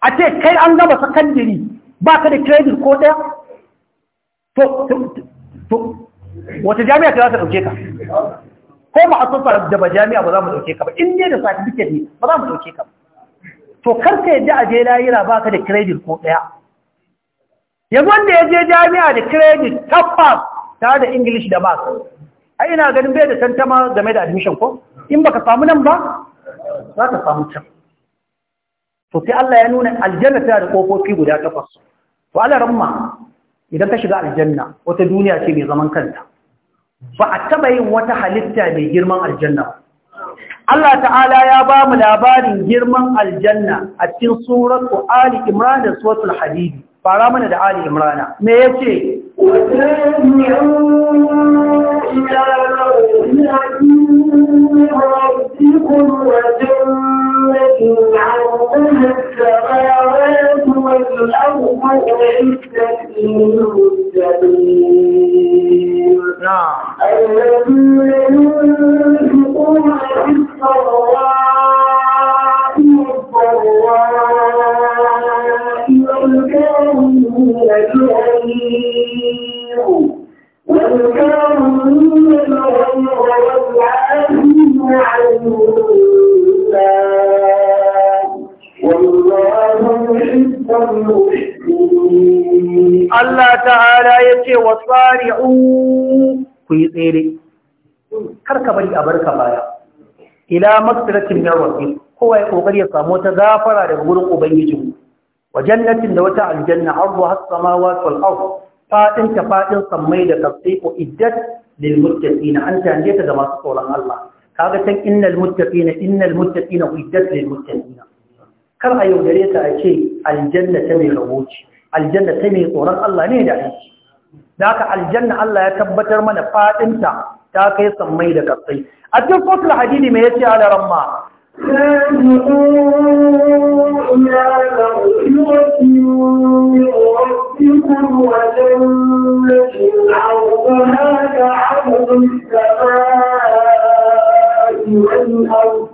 A: a ce kai an gaba sakandiri ba ka da credit ko ɗaya to wata jami'a ta za ta ɗauke ka ko ma'asusa da ba jami'a ba za mu dauke ka ba in ne da certificate ne ba za mu dauke ka ba to kar ka yadda a je layira ba ka da credit ko daya yanzu wanda ya je jami'a da credit tabbas tare da english da math ai ina ganin bai da tantama game da admission ko in baka samu nan ba za ka samu can to sai Allah ya nuna aljanna tana da kofofi guda takwas to Allah idan ka shiga aljanna wata duniya ce mai zaman kanta ba a taba yin wata halitta mai girman aljanna Allah ta'ala ya ba mu labarin girman aljanna a cikin suratu Ali Imran da suratul Hadid fara mana da Ali Imran me yace
B: وَتَنْعُونَ أمة عرضها السماوات والأرض أعدت للمتقين نعم. الذين ينفقون في الضراء والضراء والكارمين الغيظ والكارمين Allah ta'ala ya ce wa tsari
A: ku yi tsere, karka bari a barka baya, ila maktaratin min rabbi kowa ya ƙoƙari ya samu wata zafara daga wurin ubangiji wa jannatin da wata aljanna ardu has samawati wal ard ta fadin sammai da tasdiqu iddat lil muttaqina an tanje ta ga masu tsoron Allah kaga tan innal muttaqina innal muttaqina iddat lil muttaqina kar a yaudare ta a ce aljanna ta mai rabo ce aljanna ta mai tsoron Allah ne da aiki da haka aljanna Allah ya tabbatar mana fadinta ta kai sammai da kasai a cikin sotul hadidi mai yace ala ramma
B: والأرض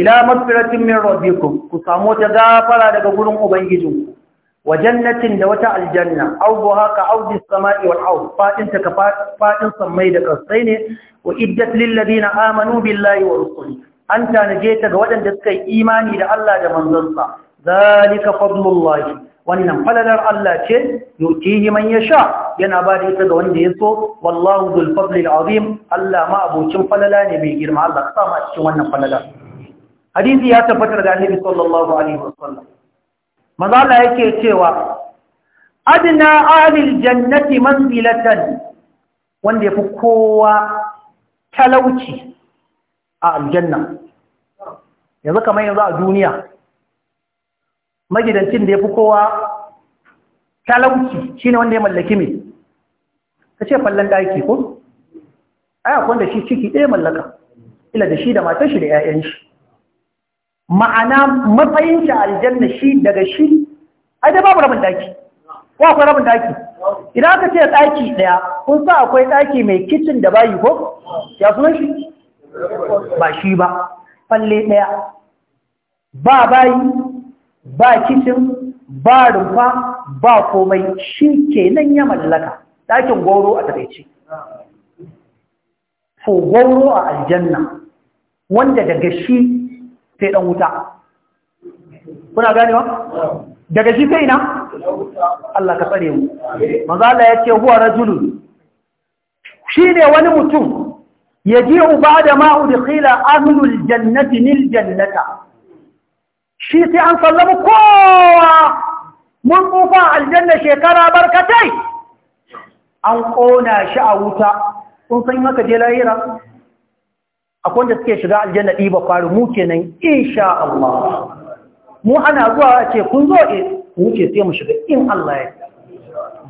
A: ila magfiratin min rabbikum ku samu ta gafara daga gurin ubangijinku wa jannatin da wata aljanna awduha haka awdi samai wal ard fadin ta ka fadin samai da kasai ne wa iddat lil ladina amanu billahi wa rusuli an tanaje ta ga waɗanda suka yi imani da Allah da manzonsa zalika fadlullahi wannan falalar Allah ce yutihi man yasha yana ba da ita ga wanda ya so wallahu dhul fadli al azim Allah ma abocin falala ne mai girma Allah ka sa ma cikin wannan falala hadisi ya tabbatar da annabi sallallahu alaihi wasallam manzo Allah yake cewa adna ahlil jannati manzilatan wanda yafi kowa talauci a aljanna yanzu kamar yanzu a duniya magidancin da yafi kowa talauci shine wanda ya mallaki me kace fallan daki ko ai akwai wanda shi ciki ɗaya mallaka ila da shi da matar shi da 'ya'yan shi ma'ana matsayin shi aljanna shi daga shi ai da babu rabin daki ko akwai rabin daki idan aka ce daki daya kun sa akwai daki mai kitchen da bayi ko ya sunan shi ba shi ba falle daya ba bayi ba kitchen ba rumfa ba komai shi kenan ya mallaka dakin goro a takeice to goro a aljanna wanda daga shi sai ɗan wuta kuna ganewa daga shi sai na
B: Allah ka tsare mu manzo ya ce huwa
A: Shi ne wani mutum yaji'u ba'da ma udkhila ahlul jannati lil jannata shi sai an sallama kowa mun kufa aljanna shekara barkatai an ƙona shi a wuta kun san maka je lahira akwai wanda suke shiga aljanna ɗiba faru mu kenan sha Allah mu ana zuwa ce kun zo e wuce sai mu shiga in Allah ya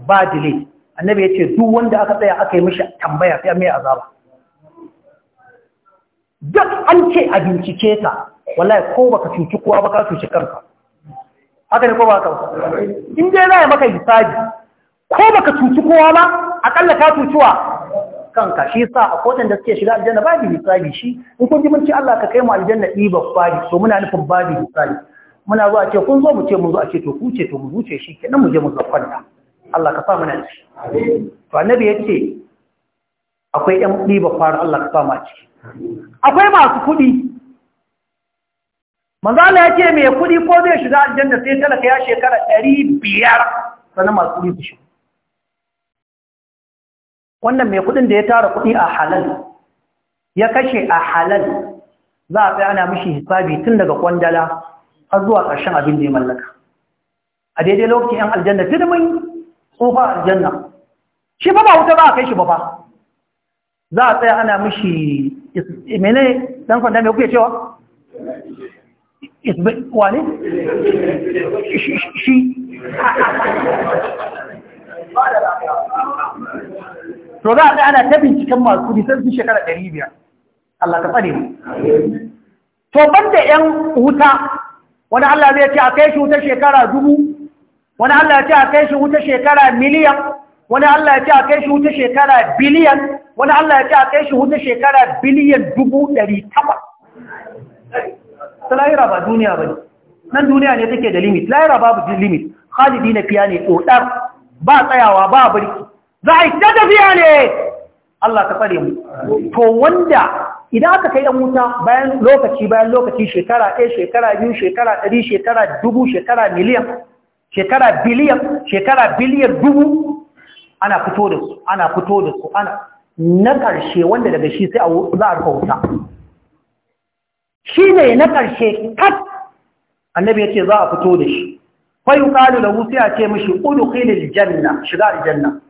A: ba dile annabi ya ce duk wanda aka tsaya aka yi mishi tambaya sai mai azaba duk an ce a bincike ka wallahi ko baka cuci kowa ba ka cuci kanka haka ne ko ba ka in dai za maka hisabi ko baka cuci kowa ba akalla ka cuci wa kanka shi sa a kodan da suke shiga aljanna babu misali shi in kun ji mun ce Allah ka kai mu aljanna ɗiba fari to muna nufin babu misali muna zuwa ce kun zo mu ce mu zo a ce to ku ce to mu zuce shi kenan mu je mu zakwanta Allah ka sa mana ci to annabi yace akwai ɗan ɗiba fari Allah ka sa mu ciki akwai masu kuɗi manzo Allah yace me kuɗi ko zai shiga aljanna sai talaka ya shekara 500 sanan masu kuɗi su shiga wannan mai kudin da ya tara kudi a halal ya kashe a halal za a ana mishi hisabi tun daga kwandala har zuwa ƙarshen abin da ya mallaka a daidai lokacin yan aljanna mun tsufa aljanna shi ba ba wuta ba a kai shi ba ba za a tsaya ana mishi mene dan kwanda mai kuke cewa wane shi to za a ga ana ta binciken masu kudi sai su shekara ɗari biyar Allah ka tsare to banda ƴan wuta wani Allah zai ce a kai shi wuta shekara dubu wani Allah ya ce a kai shi wuta shekara miliyan wani Allah ya ce a kai shi wuta shekara biliyan wani Allah ya ce a kai shi wuta shekara biliyan dubu ɗari takwas lahira ba duniya ba ne nan duniya ne take da limit lahira babu limit khalidi na fiya ne ƙoɗar ba tsayawa ba birki za a yi ta tafiya ne Allah ka tsare mu to wanda idan aka kai ɗan wuta bayan lokaci bayan lokaci shekara ɗaya shekara biyu shekara ɗari shekara dubu shekara miliyan shekara biliyan shekara biliyan dubu ana fito da su ana fito da su ana na ƙarshe wanda daga shi sai za a rufa wuta shi ne na ƙarshe kat annabi ya ce za a fito da shi kwayo ƙalu da wuta ya ce mashi ƙudu ƙilil janna shiga aljanna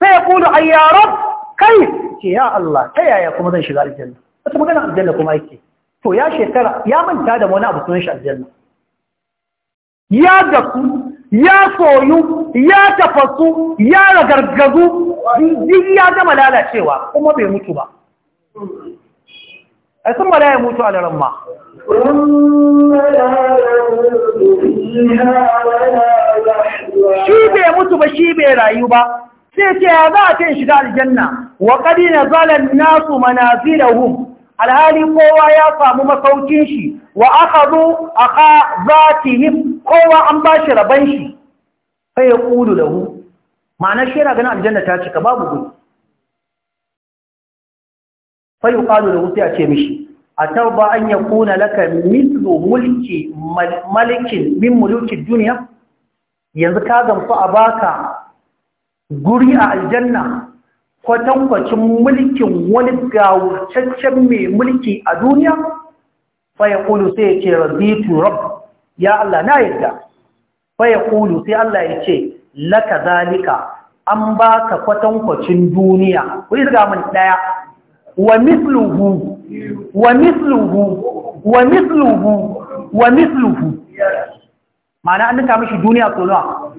A: sai ya kulu a yaron kai ce ya Allah ta yaya kuma zan shiga aljanna wata magana aljanna kuma yake to ya shekara ya manta da wani abu sunan shi aljanna ya gasu ya soyu ya tafasu ya ragargazu duk ya gama lalacewa kuma bai mutu ba a sun bala ya mutu a daren ma shi bai mutu ba shi bai rayu ba sai ce ya za a ce shiga aljanna wa kadi na zalan nasu da hun alhali kowa ya samu masaukin shi wa aka zo a ka za yi kowa an ba shi raban shi sai ya kudu da hu ma'ana shi yana ganin aljanna ta cika babu gudu sai ya kudu da hu sai a ce mishi a tauba an ya kuna laka mislu mulki malikin min mulukin duniya yanzu ka gamsu a baka guri a aljanna kwatankwacin mulkin wani gawurcaccen mai mulki a duniya faya kulu sai ya ce razitu rab ya Allah na yadda faya kulu sai Allah ya ce laka zalika an ba ka kwatankwacin duniya kuri daga mun ɗaya wa misluhu wa misluhu wa misluhu wa misluhu ma'ana an nika mishi duniya so nawa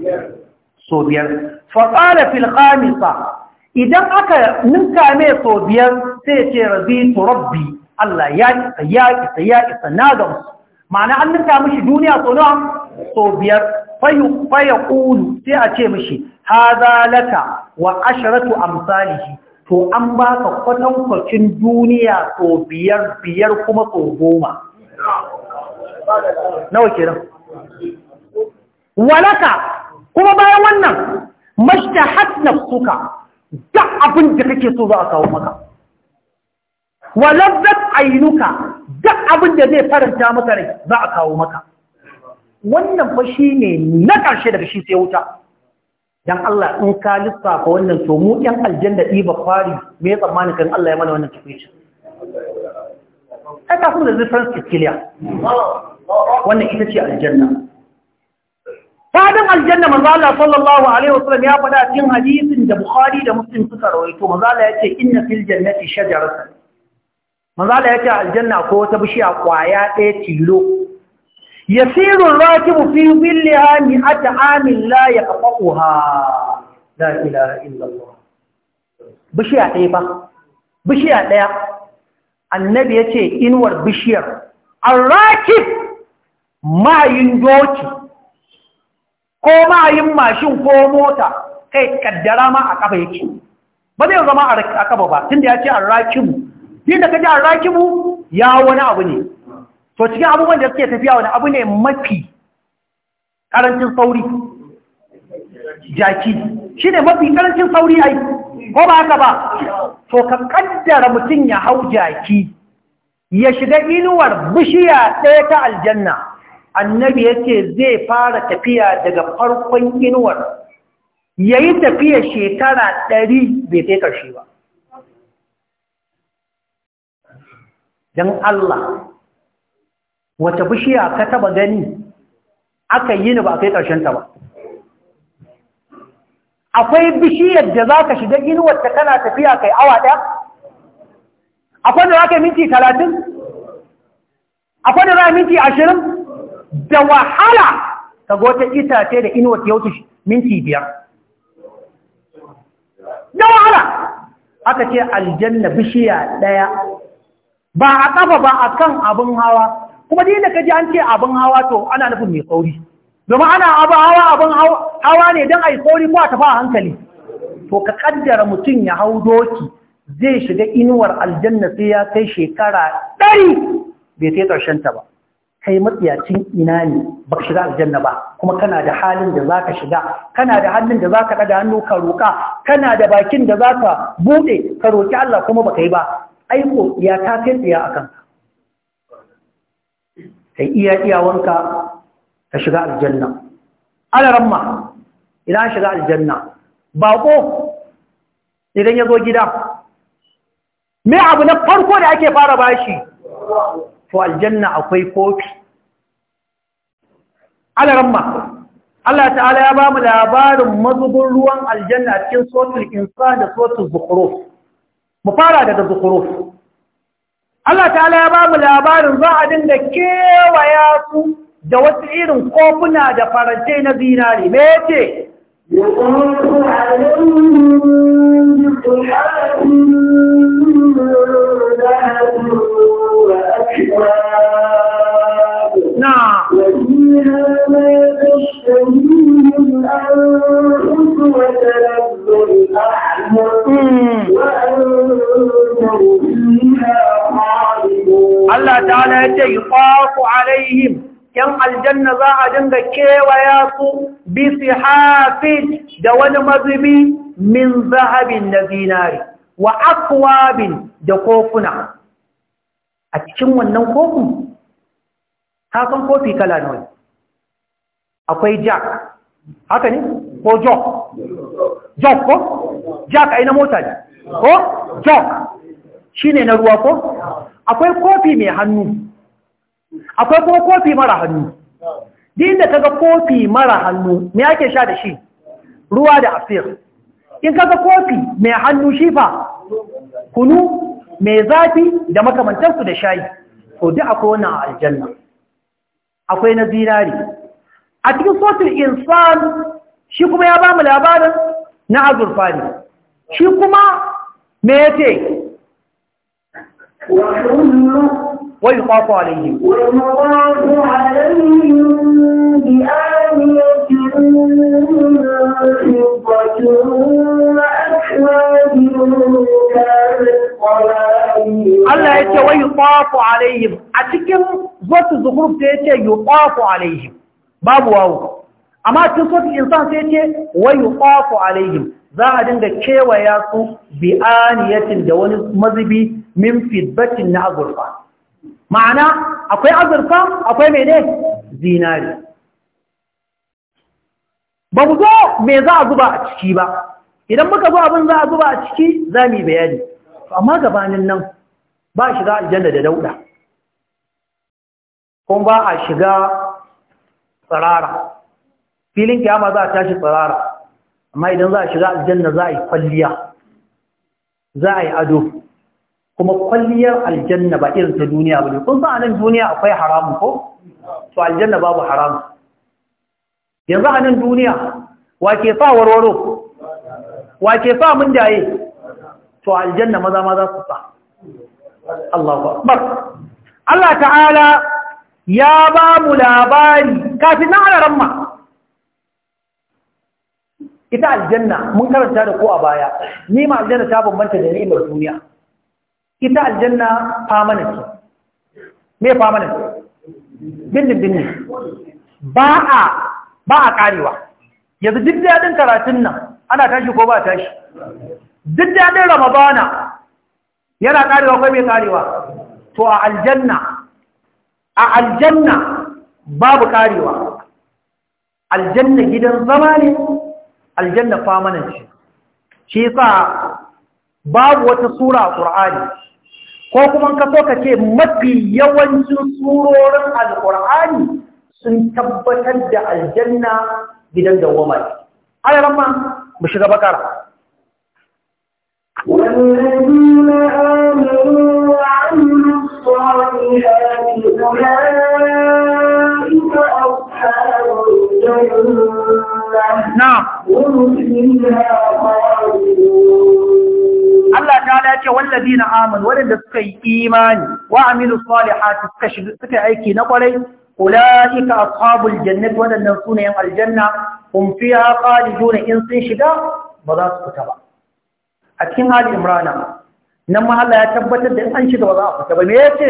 A: so biyar faƙala filƙamisa idan aka ninka mai sau biyar sai ce rabi to rabbi Allah ya isa ya isa ya isa na gamsu ma'ana an ninka mashi duniya sau nawa sau biyar faya ƙulu sai a ce "Ha za laka wa asharatu amsalihi to an ba ka kwatankwacin duniya sau biyar biyar kuma sau goma nawa kenan walaka kuma bayan wannan mashtahat nafsuka duk abin da kake so za a kawo maka wa lazzat ainuka duk abin da zai faranta maka rai za a kawo maka wannan fa shine na ƙarshe daga shi sai wuta dan Allah in ka lissafa wannan to mu ɗan aljanna ɗiba fari me tsammanin kan Allah ya mana wannan tafiya ai ka kuma da difference is clear wannan ita ce aljanna dan aljanna manzo Allah sallallahu alaihi wasallam ya faɗa cikin hadisin da Bukhari da Muslim suka rawaito manzo Allah yace inna fil jannati shajaratan manzo Allah yace aljanna ko wata bishiya kwaya ɗaya tilo yasiru rakibu fi billaha min at'amin la yaqaquha la ilaha illa Allah bishiya ɗaya ba bishiya ɗaya annabi yace inwar bishiyar arrakib mayin doki ko mayin mashin ko mota kai kaddara ma a kafa yake ba zai zama a kafa ba tunda ya ce an rakimu din da kaji an rakimu ya wani abu ne to cikin abubuwan da suke tafiya wani abu ne mafi karancin sauri jaki shi ne mafi karancin sauri ai ko ba haka ba to ka kaddara mutum ya hau jaki ya shiga inuwar bishiya ɗaya ta aljanna annabi ya ce zai fara tafiya daga farkon inuwar ya yi tafiya shekara ɗari bai kai ƙarshe ba don Allah wata bishiya ka taba gani aka yi ni ba a kai ƙarshenta ba akwai bishiyar da za ka shiga inuwar ta kana tafiya kai awa ɗaya akwai da za ka minti talatin akwai da za minti ashirin da wahala ka ga wata itace da inuwar ta minti biyar da wahala aka ce aljanna bishiya ɗaya ba a kafa ba a kan abin hawa kuma dina ka ji an ce abin hawa to ana nufin mai tsauri domin ana abin hawa abin hawa ne don a yi tsauri ko a tafa a hankali to ka kaddara mutum ya hau doki zai shiga inuwar aljanna sai ya kai shekara ɗari bai sai ƙarshen ta ba kai matsiyacin ina ne ba ka shiga aljanna ba kuma kana da halin da za ka shiga kana da hannun da za ka ɗada hannu ka roƙa kana da bakin da za ka buɗe ka roƙi Allah kuma ba ka yi ba aiko ya ta kai tsaye a kanka kai iya iyawanka ka shiga aljanna ramma idan shiga aljanna baƙo idan ya zo gida me abu na farko da ake fara bashi to aljanna akwai kofi alaramma Allah ta'ala ya ba mu labarin mazubin ruwan aljanna cikin sotul insa da sotul zukhruf mu fara daga zukhruf Allah ta'ala ya ba mu labarin za a dinga kewaya su da wasu irin kofuna da farantai na zinari me yace
B: yuqulu alaihim bi فيها ما تشتهي الأنفس وتلذ الأعمى الله تعالى يجي يطاف
A: عليهم كم الجنة ضاع جنة كي بصحاف دون مذهب من ذهب الذي ناري وأقواب دقوفنا أتشم ونوقوف هاكم قوفي كلا نوي akwai jack haka ne ko jock jock ko jack ai na mota ne ko jok shine na ruwa ko akwai kofi mai hannu akwai kuma kofi mara hannu din da kaga kofi mara hannu me ake sha da shi ruwa da asir in kaga kofi mai hannu shi fa, kunu mai zafi da makamantarsu da shayi ko duk akwai wannan aljanna akwai na zinari a cikin sotul insan shi kuma ya ba mu labarin na azurfa shi kuma me ya ce wani kwakwa alayhi
B: Allah ya ce wai yi ƙwafu a cikin
A: zotu zuhurta ya ce yi ƙwafu babu wawo amma tun so ki insan sai ce wayu qafu alaihim za a dinga kewaya su bi aniyatin da wani mazubi min fitbatin na azurfa ma'ana akwai azurfa akwai mene zinari ba mu zo me za a zuba a ciki ba idan muka zo abin za a zuba a ciki za mu yi bayani amma gabanin nan ba shiga aljanna da dauda kuma ba a shiga Tsarara, filin kiyama za a tashi tsarara amma idan za a shiga aljanna za a yi kwalliya za a yi ado kuma kwalliyar aljanna ba irin ta duniya ba ne kun san nan duniya akwai haramun ko to aljanna babu haramu yanzu a nan duniya wa ke sa warwaro wa ke sa mun daye to aljanna maza ma za su sa Allahu akbar Allah ta'ala ya ba mu labari kafin na halaran ma ita aljanna mun karanta da ko a baya ni ma aljanna ta bambanta da ni'imar duniya ita aljanna permanent me permanent dindindin ne ba a ba a karewa yanzu duk dadin karatun nan ana tashi ko ba tashi duk dadin ramadana yana karewa ko bai karewa to a aljanna a aljanna babu karewa aljanna gidan zama ne aljanna famanan ce shi yasa babu wata sura a ƙur'ani ko kuma ka so ka ce mafi yawancin surorin alƙur'ani sun tabbatar da aljanna gidan dawwama ne ayaran ma
B: mu shiga bakara والذين آمنوا وعملوا الصالحات أولئك أصحاب الجنة نعم هم فيها Allah ta
A: ce wallazi na amin waɗanda suka yi imani wa aminu salihati suka suka aiki na kwarai ulaika ashabul jannati waɗannan sune yan aljanna hum fiha khalidun in sun shiga ba za su fita ba a cikin hali imrana nan ma Allah ya tabbatar da an shiga ba za a fita ba me yace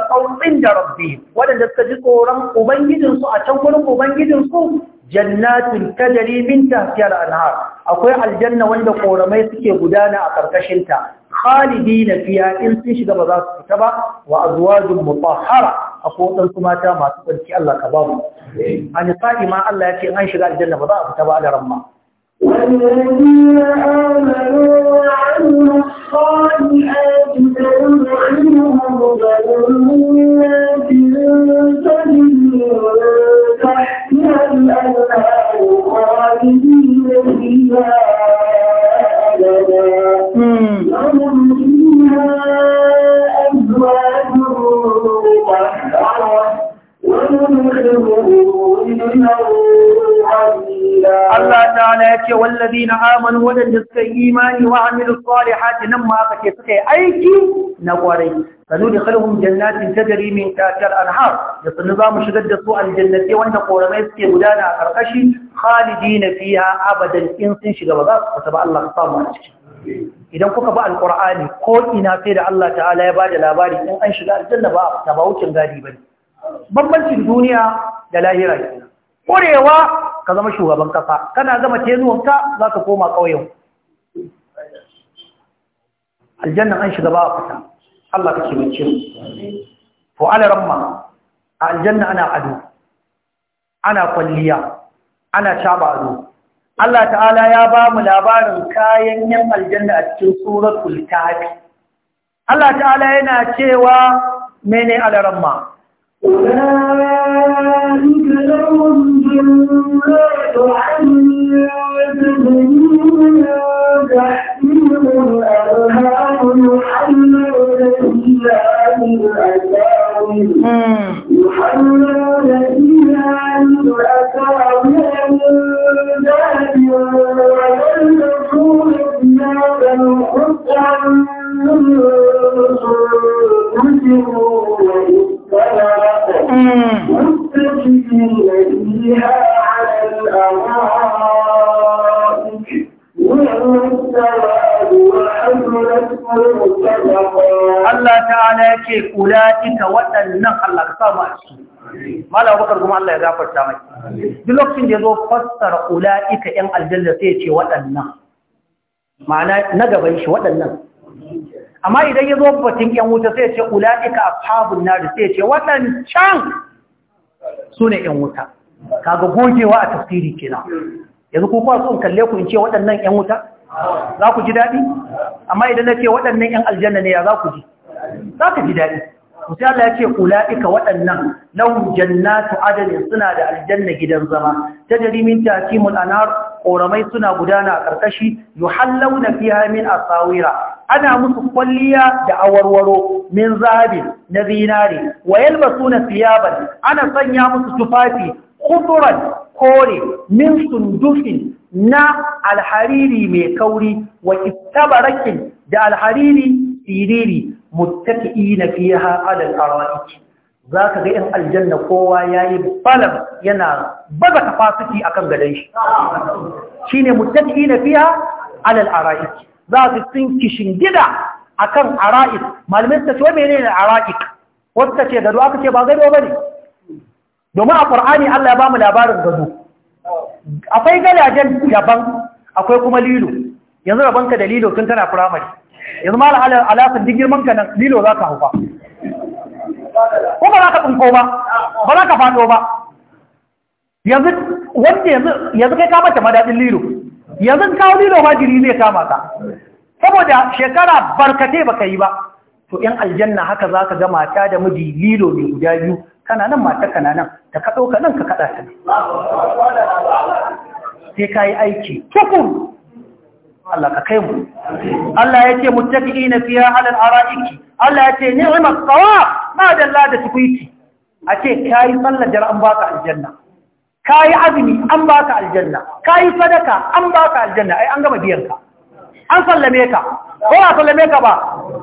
A: taqaw da rabbi wadanda suka ji tsoron ubangijinsu a can gurin ubangijinsu jannatin tajri min tahtiha al-anhar akwai aljanna wanda koramai suke gudana a karkashin ta khalidina fiha in sun shiga ba za su fita ba wa azwajun mutahhara akwai dan su mata masu tsarki Allah ka ba mu an sa'i ma Allah ya ce an shiga aljanna ba za a fita ba da ramma
B: والذين آمنوا وعملوا الصالحات سندخلهم جنات تجري من تحتها الأنهار خالدين أبدا لهم فيها أزواج مطهرة وندخلهم Allah
A: ta'ala ya ce na amanu wadanda suka yi imani wa amilus salihati nan ma aka ce suka yi aiki na kwarai sanu da khalhum jannatin tajri min tahtiha anhar da sanu za mu shigar da su aljannati wanda ƙoramai suke gudana a karkashi khalidina fiha abadan in sun shiga ba za su fita ba Allah ya samu a ciki idan kuka ba alqur'ani ko ina sai da Allah ta'ala ya bada labari in an shiga aljanna ba ta ba wucin gadi bane bambancin duniya da lahira kenan ƙurewa ka zama shugaban ƙasa kana gama tenuwanka za ka koma ƙauyen aljannan an shiga ba a fita Allah ka kimace mu to alaramma a aljanna ana ado ana kwalliya ana caba ado Allah ta'ala ya ba mu labarin kayan yan aljanna a cikin suratul kafi Allah ta'ala yana cewa mene alaramma
B: أولئك لهم جنات عدن تجري من تحتهم الأنهار يحلون فيها من أساور يحلون فيها من أساور من ذهب ويلبسون ثيابا متكئين فيها على Allah ta'ala ya ce ita
A: waɗannan Allah ka samu a ciki mala bakar kuma Allah ya gafarta mai duk lokacin da ya zo fassara ita ‘yan aljanna sai ya ce waɗannan ma'ana na gaban shi waɗannan amma idan ya zo batun ‘yan wuta sai ce ula'ika a na nari sai ce waɗancan su ne ‘yan wuta kaga gogewa a tafsiri kina yanzu ku kwa sun kalle ku in ce waɗannan ‘yan wuta za ku ji daɗi amma idan na ce waɗannan ‘yan aljanna ne ya za ku ji za ku ji daɗi to sai Allah ya ce waɗannan lahum jannatu adalin suna da aljanna gidan zama ta min tatimul anhar ƙoramai suna gudana a ƙarƙashi yuhallau na fiya min asawira ana musu kwalliya da awarwaro min zahabin na zinare wa yalbasu na siyaban ana sanya musu tufafi kufuran kore min sundufin na alhariri mai kauri wa istabarakin da alhariri siriri muttaqi'ina fiha 'ala al-ara'ik zaka ga 'yan aljanna kowa yayi balam yana baza kafasiti akan gadon shi shine muttaqi'ina fiha 'ala al-ara'ik zaka sun kishin gida akan ara'ik Malamin ta ce menene ara'ik wata ce gado aka ce ba gado bane domin a Qur'ani Allah ya bamu labarin gado akwai galajen daban akwai kuma lilo yanzu rabanka da lilo tun tana firamare yanzu ma alasar duk girman ka nan lilo za ka hauka
B: ko ba za ka tsinko ba ba za ka faɗo ba
A: yanzu wanda yanzu kai kama ta madadin lilo yanzu kawo lilo ma jiri ne kama ka saboda shekara barkatai ba ka yi ba to ‘yan aljanna haka za ka ga mata da miji lilo mai guda biyu kana nan mata kana nan ta kaɗo ka nan ka kaɗa ta sai ka yi aiki tukun Allah ka kai mu Allah ya ce muttaqiina fiha ala araiki Allah ya ce ni'mat thawab ma dalla da tukuiti a ce kayi sallajar an baka aljanna kayi azumi an baka aljanna kayi sadaka an baka aljanna ai an gama biyan ka an sallame ka ko ba sallame ka ba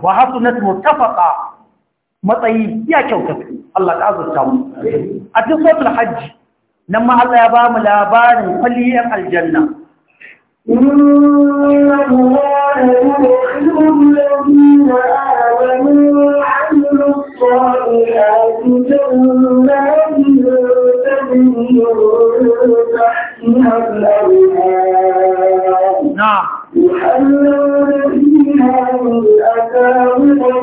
A: wa hasunat muttafaqa matsayi ya kyauta Allah ta azurta mu a cikin suratul hajji nan ma Allah ya ba mu labarin kwalliyar aljanna إن
B: الله يدخل الذين آمنوا وعملوا الصالحات جنات تجري من تحتها الأنهار نعم يحلون فيها من أكابر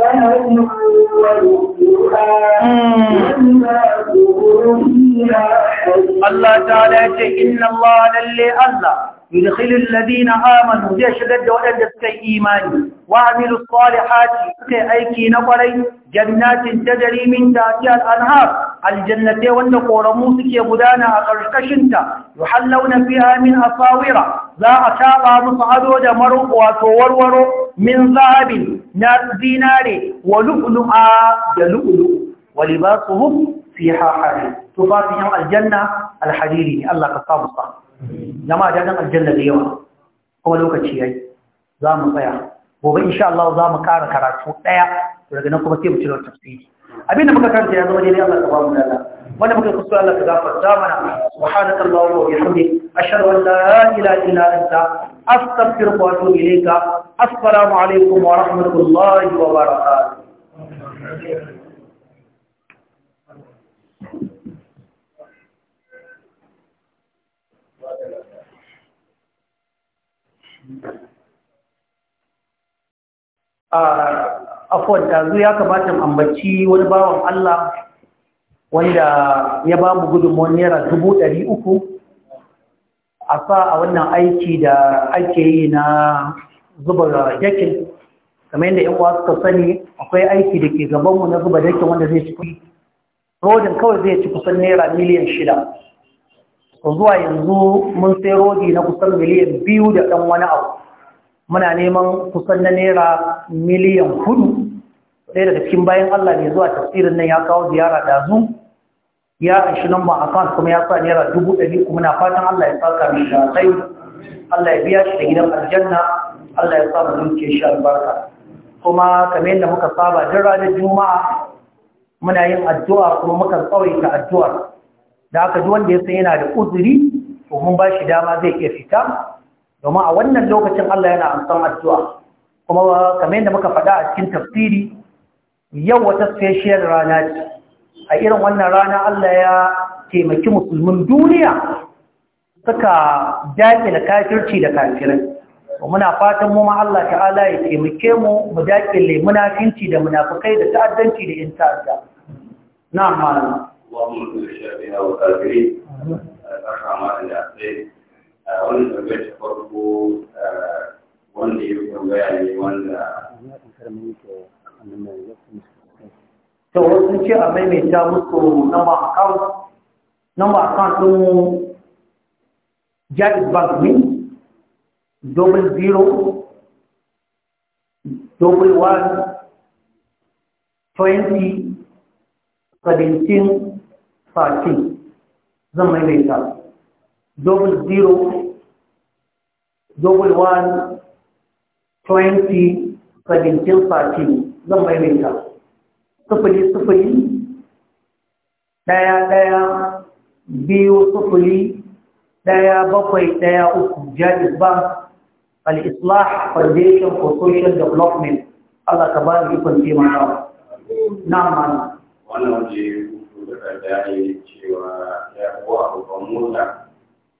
B: الله
A: تعالى إن الله للي الله يدخل الذين آمنوا زي شدد ودد إيمان وعملوا الصالحات سكي أيكي نقري جنات تجري من تأتي الأنهار الجنة والنقور موسك يبدانا أقرشكشنت يحلون فيها من أصاورة za a taɓa musu ado da maruƙo wato warwaro min zahabin na zinare wa lu'lu'a da lu'lu'u wa libasuhum fiha harir tufafin yan aljanna alhariri ne Allah ka mu sa jama'a da aljanna da yawa kuma lokaci yayi za mu tsaya gobe insha Allah za mu ƙara karatu ɗaya daga nan kuma sai mu ci da tafsiri abinda muka kanta ya zama daidai Allah ta ba mu lada wanda muka kusa Allah ta gafarta mana subhanaka allahumma wa bihamdik ashhadu an la ilaha illa anta astaghfiruka wa atubu ilayka assalamu alaikum wa rahmatullahi wa barakatuh Uh, afuwan tazu ya kamata ambaci wani bawan Allah wanda ya ba mu gudunmuwan naira dubu ɗari uku a sa a wannan aiki da ake yi na zuba jakin, kamar yadda yan wasu ka sani akwai aiki da ke gabanmu na zuba jakin wanda zai ci rodin kawai zai ci kusan naira miliyan shida zuwa yanzu mun sai rodi na kusan miliyan biyu da ɗan wani abu muna neman kusan na naira miliyan hudu ɗaya daga cikin bayan Allah ne zuwa tafsirin nan ya kawo ziyara da zoom ya anshi nan ba kuma ya sa naira dubu ɗari kuma na fatan Allah ya saka mai da sai Allah ya biya shi da gidan aljanna Allah ya sa mu zuke shi albarka kuma kamar yadda muka saba duk ranar juma'a muna yin addu'a kuma muka tsawaita addu'a. da aka ji wanda ya san yana da uzuri to mun ba shi dama zai iya fita domin a wannan lokacin Allah yana amsan addu'a kuma kamar yadda muka faɗa a cikin tafsiri yau wata special rana ce a irin wannan rana Allah ya taimaki musulmin duniya suka daƙi da kafirci da kafirai muna fatan mu ma Allah ta'ala ya taimake mu mu daƙi daƙile munafinci da munafukai da ta'addanci da in ta'adda amma malam
B: Allahumma kulli shay'in wa amma
A: arhamana
B: ya sayyid wani tambayar ta farko eh, wanda ya tambaya ne
A: wanda to wasu ce a maimaita musu namba account namba account ɗin jaiz bank ne double zero double one twenty seventeen thirteen zan maimaita double zero double one twenty seventeen thirteen zan maimaita sufuri sufuri ɗaya ɗaya biyu sufuri ɗaya bakwai ɗaya uku jadis ba al-islah foundation for social development Allah ka ba ni ikon taimakawa
B: na mana wannan waje da ɗaya cewa ya kuwa abokan mota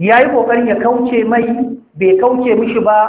B: ya yi ƙoƙari ya kauce mai bai kauce mishi ba